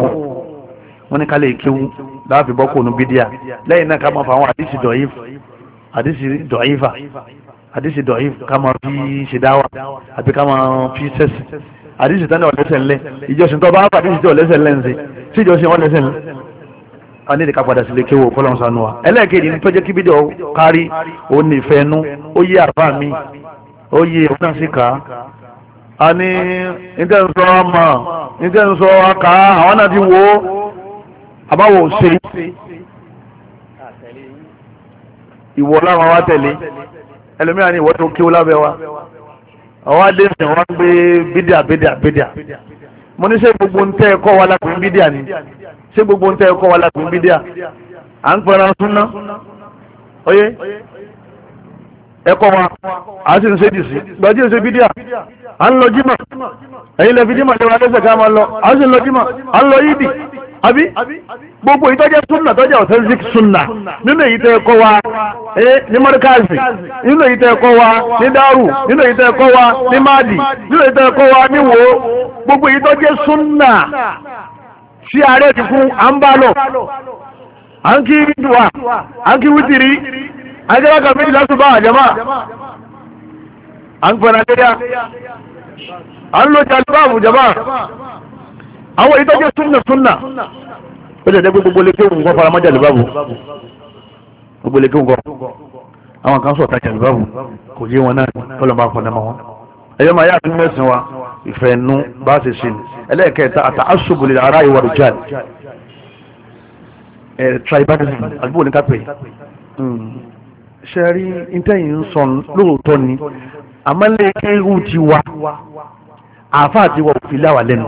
wọ́n ní ká lè kéwu láàfin bọ́ kò nu bídíà lẹ́yìn náà ká máa fa àwọn àdìsí dọ̀yìf àdìsí dọ̀yìfà àdìsí dọ̀yìf ká máa fi ṣèdáwà àbí ká máa fi sẹ́sì àdìsí tán náà lẹ́sẹ̀ ńlẹ̀ ìjọsìn tó bá àdìsí tó lẹ́sẹ̀ ńlẹ̀ ńsẹ̀ tí ìjọsìn wọn lẹ́sẹ̀ ńlẹ̀ a ní ìdíkà padà sílé kéwò kọ́lọ́n sanu wa ẹlẹ́ẹ̀kejì ní tọ́jẹ́ kíbídọ̀ kárí òun ní ìfẹ́ nú ó yé àfa mi ó yé òun náà sì kà á a ní ìtẹ́nsọ ọmọ ìtẹ́nsọ aka àwọn náà ti wo àbáwò ṣe ìwọ láwọn wa tẹ̀lé ẹlòmíràn ní ìwọ tó kéwò ọwọ́ adé ń sìn wọ́n gbé bídíà bídíà bídíà mo ní ṣé gbogbo ń tẹ́ ẹ kọ́ wa lápẹ́ bídíà ni ṣé gbogbo ń tẹ́ ẹ kọ́ wa lápẹ́ bídíà à ń pẹ́ran súnná oyé ẹ̀kọ́ wa à ń sì ń ṣe dìsí gbọ́dí ń ṣe bídíà à ń lọ jímọ̀ ẹ̀yin lẹ́fi jímọ̀ lẹ́wọ̀ adẹ́sẹ̀ ká máa lọ à sì ń lọ jímọ̀ à ń lọ yídì àbí gbogbo ìtọ́jẹ́ súnà tọ́jẹ́ authentic súnà nínú èyí tẹ́ kọ́ wa ní mọ́ríkàzì nínú èyí tẹ́ kọ́ wa ní dárù nínú èyí tẹ́ kọ́ wa ní máàdì nínú èyí tẹ́ kọ́ wa ní wo gbogbo ìtọ́jẹ́ súnà tí ààrẹ ti fún à ń bá lọ à ń kí dùwà à ń kí wítìrí à ń méjì lásùbà àjẹmà à ń pẹ̀lú àjẹyà à ń lo jàlúbà àwọn èyí tọ́jú súnà súnà ó jẹ́ pé gbogbo lékè òǹkọ́ faramọ́ jàlúbábù gbogbo lékè òǹkọ́ àwọn kan sọ̀tà jàlúbábù kò yé wọn náà kọ́lọ́mọ́ àfọ̀nàmọ́ wọn ẹ̀yọ́ máa yá àti mẹ́sìn wa ìfẹ́ nú bá ṣe ṣe ni ẹlẹ́ẹ̀kẹta àtà asubuli ara ìwà rìjàn ẹ̀ tribalism àdúgbò ní kápẹ́ hmm. ṣe rí intẹ́yìn ń sọ lóòótọ́ ni àmọ́ lẹ́ẹ̀kẹ́ ti wa àáfàá ti wa òfin láwà lẹ́nu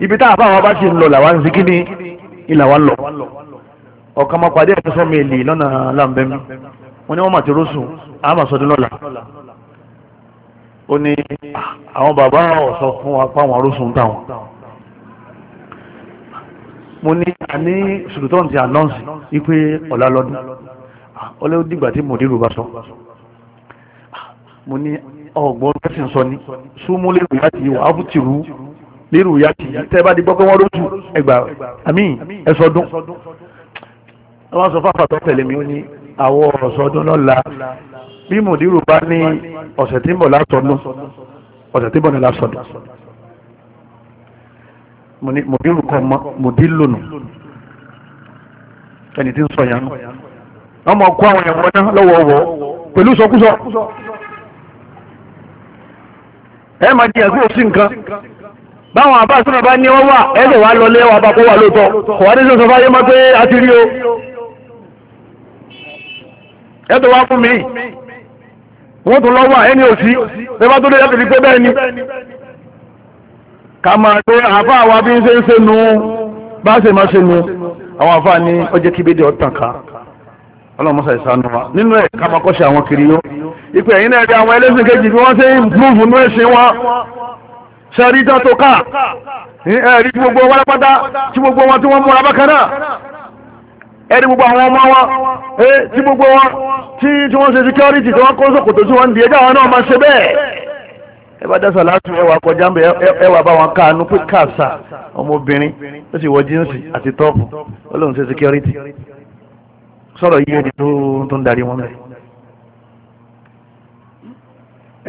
ibi tá a bá àwọn bá ti ń lọ làwa ń sí kíní ìlà wa ń lọ ọ̀kan máa pàdé ẹ̀sọ́ mi èlì lọ́nà làǹbẹ̀mí wọn ni wọ́n mà ti rọ́sùn àmà sọdún lọ́la ó ní àwọn bàbá ọ̀sọ́ fún wa pa àwọn rọ́sùn táwọn mo ní àní sùdùtọ́n ti ànọ́ǹsì wípé ọ̀la lọ́dún ọlẹ́ dìgbà tí mòdìrú bá sọ mo ní ọgbọ́n kẹsì sọ ní súnmọ́lẹ́rù láti wà á bùtìrú lérò ìyá tì í tẹ́ bá di gbọ́ pé wọ́n lóṣù ẹgbà àmì ẹ̀sọ́dún wọ́n sọ fáfà tó tẹ̀lé mi ó ní àwọ̀ ọ̀sọ́dún lọ́la bí mòdìrú bá ní ọ̀sẹ̀ tí ń bọ̀ lásọdún ọ̀sẹ̀ tí ń bọ̀ ní lásọdún mòdìrú kan mòdìlónù ẹni tí ń sọ yẹn nù wọ́n mọ̀ kó àwọn ẹ̀wọ̀n náà lọ́wọ́wọ́ pẹ̀lú sọkúsọ ẹ máa jẹ́ ẹ̀gbọ́n sí nǹkan báwọn àbá súnmọ̀ bá ní wọ́n wà ẹgbẹ̀ wà lọlé wà bá wà lóòtọ́ kò wá ní sọ fáyé mọ́ pé a ti rí o ẹ̀tọ́ wá fún mi wọ́n tún lọ́wọ́ ẹni òsí bẹ́bá tó lè láti fi pé bẹ́ẹ̀ ni ká máa tó àbá àwa bí ń ṣe ń ṣe nu bá ṣe máa ṣe nu àwọn àbá wa nínú ẹ̀ ká máa kọ́ṣe àwọn kiri yó ipò ẹ̀yìn náà rí sẹ́rí dá tó ká ẹ̀rí tí gbogbo wọn pátá tí gbogbo wọn tí wọ́n múra bákan náà ẹ̀rí gbogbo àwọn ọmọ wọn tí gbogbo wọn tí wọ́n ṣe security tí wọ́n kó sòkòtò tí wọ́n ń di ẹjọ́ àwọn náà máa ṣe bẹ́ẹ̀ ẹ bá dẹ́sà láti ẹwà kọjá ń bẹ ẹwà bá wọn káànú pé káàsà ọmọbìnrin ó sì wọ jíǹsì àti tọ́ọ̀pù ó lóun ṣe security sọ̀rọ̀ yìí ẹni tó ń darí wọn bẹ́ẹ̀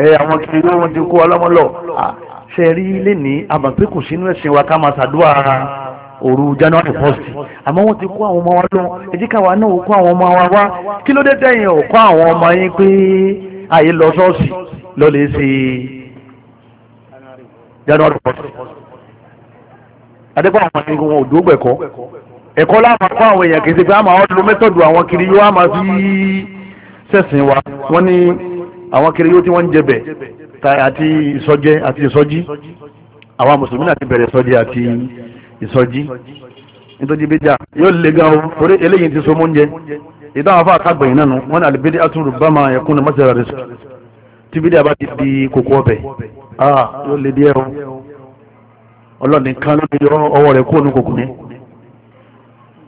ẹ àwọn kiri ló wọn ti kó ọlọ́mọ ṣe rí ilé ní àmọ̀pé kò sínú ẹ̀sìn wa ká máa ṣàdúrà òru january first àmọ́ wọ́n ti kó àwọn ọmọ wa lọ ẹ̀jí káwa náà kó àwọn ọmọ wa wá kí ló dé tẹ̀yìn ò kó àwọn ọmọ yín pé àyè lọ ṣọ́ọ̀ṣì lọ lè ṣe january first adépa àwọn ẹni wọn ò dúró gbẹ̀kọ́ ẹ̀kọ́ láàmà kó àwọn èèyàn kì í ṣe pé àmà wọn lo àwọn kiri yóò àmà fi ṣẹ̀sìn wa wọ́n ní àwọn kiri yóò tí wọ́n ń jẹ bẹ̀ àti ìsọjẹ́ àti ìsọjí àwọn mùsùlùmí náà ti bẹ̀rẹ̀ ìsọjẹ́ àti ìsọjí nítorí bídíà yóò le gan o torí eléyìí ti so mọ́ńjẹ ìdáhùn afá àkàgbẹ̀yìn náà nù wọn ni àlùbídí àtúrù bá máa yẹkún ní mọ́sẹ̀rẹ̀ rẹ̀ sùn tí bídíà bá ti di kókó ọbẹ̀ ah yóò le díẹ̀ o ọlọ́ọ̀ni kan ló yọ ọwọ́ rẹ̀ kó nu kòkò ní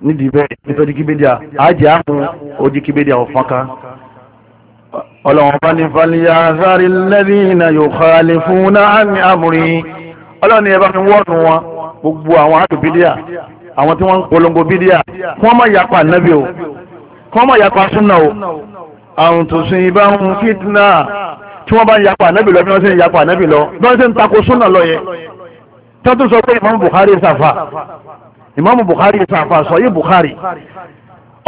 nídìí bẹ́ẹ̀ nítorí kíbédìà àjẹ́ àmú ojú kíbédìà ọ̀fọ́n ọlọ́run bá ní fàlíyà sáré lẹ́bí iná yóò kààlẹ̀ fún náà ní àmúrí ọlọ́run ẹ̀bá mi wọ́ọ̀nù wọn gbogbo àwọn àdù bídíà àwọn tí wọ́n ń polongo bídíà kí wọ́n má yapa ànábì o kí wọ́n má yapa súnà o àrùn tó sin ibà ń fitna tí wọ́n bá ń yapa ànábì lọ bí wọ́n sì ń yapa ànábì lọ bí wọ́n sì ń tako súnà lọ yẹ tọ́tún sọ pé ìmáàmù Bukhari sàfà ìmáàmù Bukhari sàfà sọ yìí Bukhari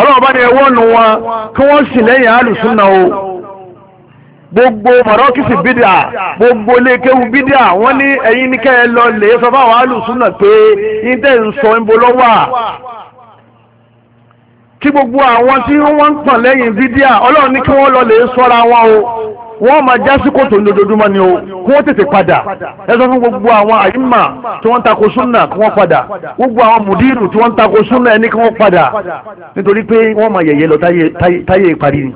ọlọ́run bá ní ẹwọ́ọ̀nù wọn kí wọ́n sì lẹ́yìn àlùsùnà o. gbogbo mọ̀rọ́kìsì gbogbo lékewu bídíà wọ́n ní ẹ̀yin ní lọ lè sọ alùsùnà pé yín tẹ̀ ń sọ ibo lọ́wọ́ kí gbogbo àwọn tí wọ́n ń lẹ́yìn ọlọ́run ní kí wọ́n lọ lè sọ́ra wọn o wọ́n máa já sí kòtò lójoojúmọ́ ni o kí wọ́n tètè padà ẹ sọ fún gbogbo àwọn àyímà tí wọ́n ń tako súnà kí wọ́n padà gbogbo àwọn mùdírù tí wọ́n ń tako súnà ẹni kí wọ́n padà nítorí pé wọ́n máa yẹ̀yẹ́ lọ táyé ni.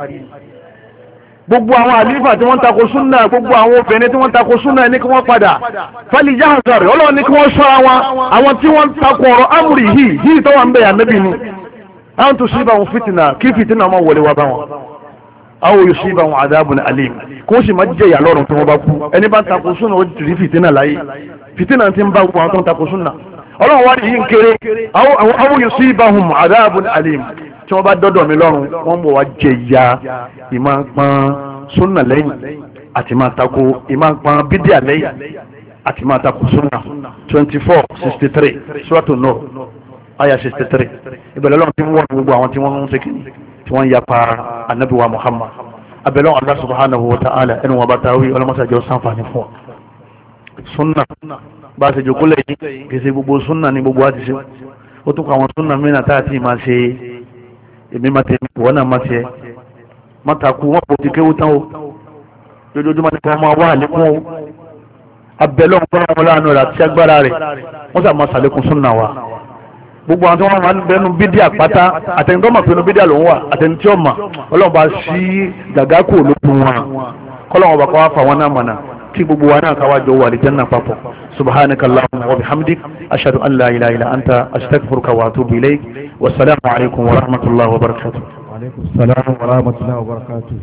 gbogbo àwọn àlífà tí wọ́n tako súnà gbogbo àwọn obìnrin tí wọ́n tako súnà ní kí wọ́n fali yahazari ọlọ́run ní kí wọ́n ṣọ́ra wọn àwọn tí wọ́n tako ọ̀rọ̀ yìí yìí tọ́wọ́ ń bẹ̀ yà ni àwọn tó ṣíbà wọn fìtìnà kí fìtìnà máa wọlé wa bá wọn àwọn yóò ṣíbà wọn adabun alim kó sì máa jẹ ìyà tí wọ́n bá kú ẹni bá tako súnà ó ti rí fìtìnà láyé fìtìnà ti ń bá gbogbo àwọn tó ń tako súnà ọlọ́run wá yìí ń kéré àwọn adabun alim tí wọ́n bá dọ́dọ̀ mi lọ́rùn wọ́n bọ̀ wá jẹ ìyá ìmọ̀ pọn súnà lẹ́yìn àti máa tako ìmọ̀ pọn bídíà lẹ́yìn àti máa tako súnà twenty four sixty three suratu nur aya sixty three ìbẹ̀rẹ̀ lọ́run tí wọ́n gbogbo àwọn tí wọ́n ń sekin tí wọ́n ń yapa anabi wa muhammad abẹ́lẹ́ Allah subhanahu wa ta'ala ẹnu wọn bá tawí ọlọ́mọṣàjọ sanfàní fún ọ súnà bá a ṣe jòkó lẹ́yìn kì í ṣe gbogbo súnà ní gbogbo àti ṣe ó tún kọ àwọn súnà mìíràn èmi máa tẹ̀mí ìwọ náà máa ṣe má takú wọn kò ti kéwú tán o lójoojúmọ́ ni wọ́n máa wá àlékún o abẹ́lẹ́ ọ̀gbọ́n ọmọ láàánú rẹ̀ àti agbára rẹ̀ wọ́n sà máa ṣàlékún súnà wa gbogbo àwọn tí wọ́n máa ń bẹnu bídíà pátá àtẹni tó mọ̀ pé inú bídíà ló wà àtẹni tí ó mọ̀ ọlọ́run bá ṣí gàgá kù lókun wọn kọ́lọ́run ọba kan wá fà wọn náà mọ̀nà kí gbogbo wa náà káwá wà lè jẹ́ náà papọ̀ سبحانك allahumma وبحمدك أشهد أن لا إله إلا أنت أستغفرك وأتوب إليك والسلام عليكم ورحمة الله وبركاته. wa rahmatullahi wa barakatuh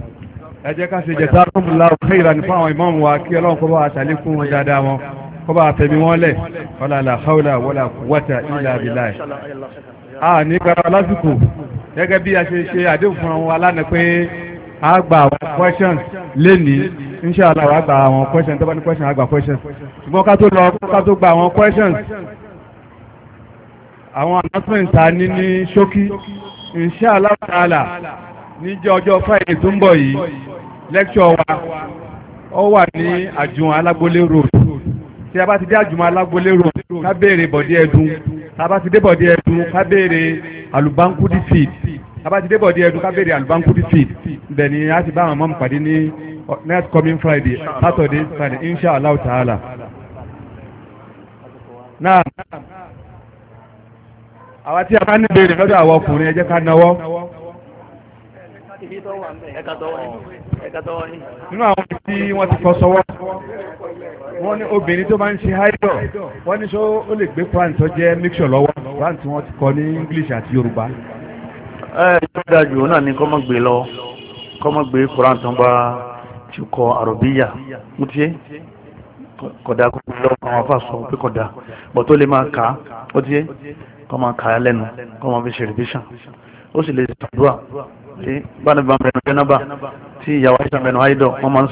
wa ẹ jẹ́ ká ṣe jazakumullahu khairan fún àwọn ìmáàmù wa kí Ọlọ́run kó bá àtàlékún wọn dáadáa wọn kó bá fẹ̀mí wọn lẹ̀ wala la hawla wala quwwata illa billah a ní kára lásìkò gẹ́gẹ́ bí a ṣe ṣe àdéhùn fún àwọn alánà pé a gba àwọn questions lénìí inshallah wa gba àwọn questions tó ní questions a gba questions ṣùgbọ́n ká tó lọ ká tó gba àwọn questions àwọn announcement ta ní ní ṣókí inshallah taala níjẹ́ ọjọ́ Friday tó ń bọ̀ yìí lecture wa ó wà ní àjùmọ̀ alágbólé road tí a bá ti dé àjùmọ̀ alágbólé road ká béèrè bọ̀dí ẹ̀dùn tá a bá ti dé bọ̀dí ẹ̀dùn ká béèrè àlùbáńkú dì tabajide bọ̀ di ẹdun kábẹ́rẹ́ alubankudi feed bẹ́ẹ̀ ni a ti bá àwọn ọmọ mi pàdé ní next coming friday saturday friday inshallah ta'ala. náà àwa tí a bá ní ìbéèrè lọ́dọ̀ àwọn ọkùnrin ẹ jẹ́ ká náwó. nínú àwọn tí wọ́n ti fọ́ sọ́wọ́ wọ́n ní obìnrin tó máa ń ṣe haidọ̀ wọ́n ní sọ ó lè gbé pàǹtọ́ jẹ́ mixture lọ́wọ́ pàǹtí wọ́n ti kọ́ ní english àti yorùbá ẹ̀ẹ́dá jù náà ni kọ́mọ́ gbé lọ kọ́mọ́ gbé koran tó ń bá ti kọ àròbíyà mútiẹ́ kọ̀dá kó lọ àwọn afá sọ pé kọ̀dá bọ̀ tó lè máa kà á ó tiẹ́ kọ́ máa kà á lẹ́nu kọ́ máa fi ṣe rìbíṣàn ó sì lè ṣàdúrà tí bá ní bá jẹ́nàbà tí ìyàwó àìsàn mẹ́nu wọ́n máa ń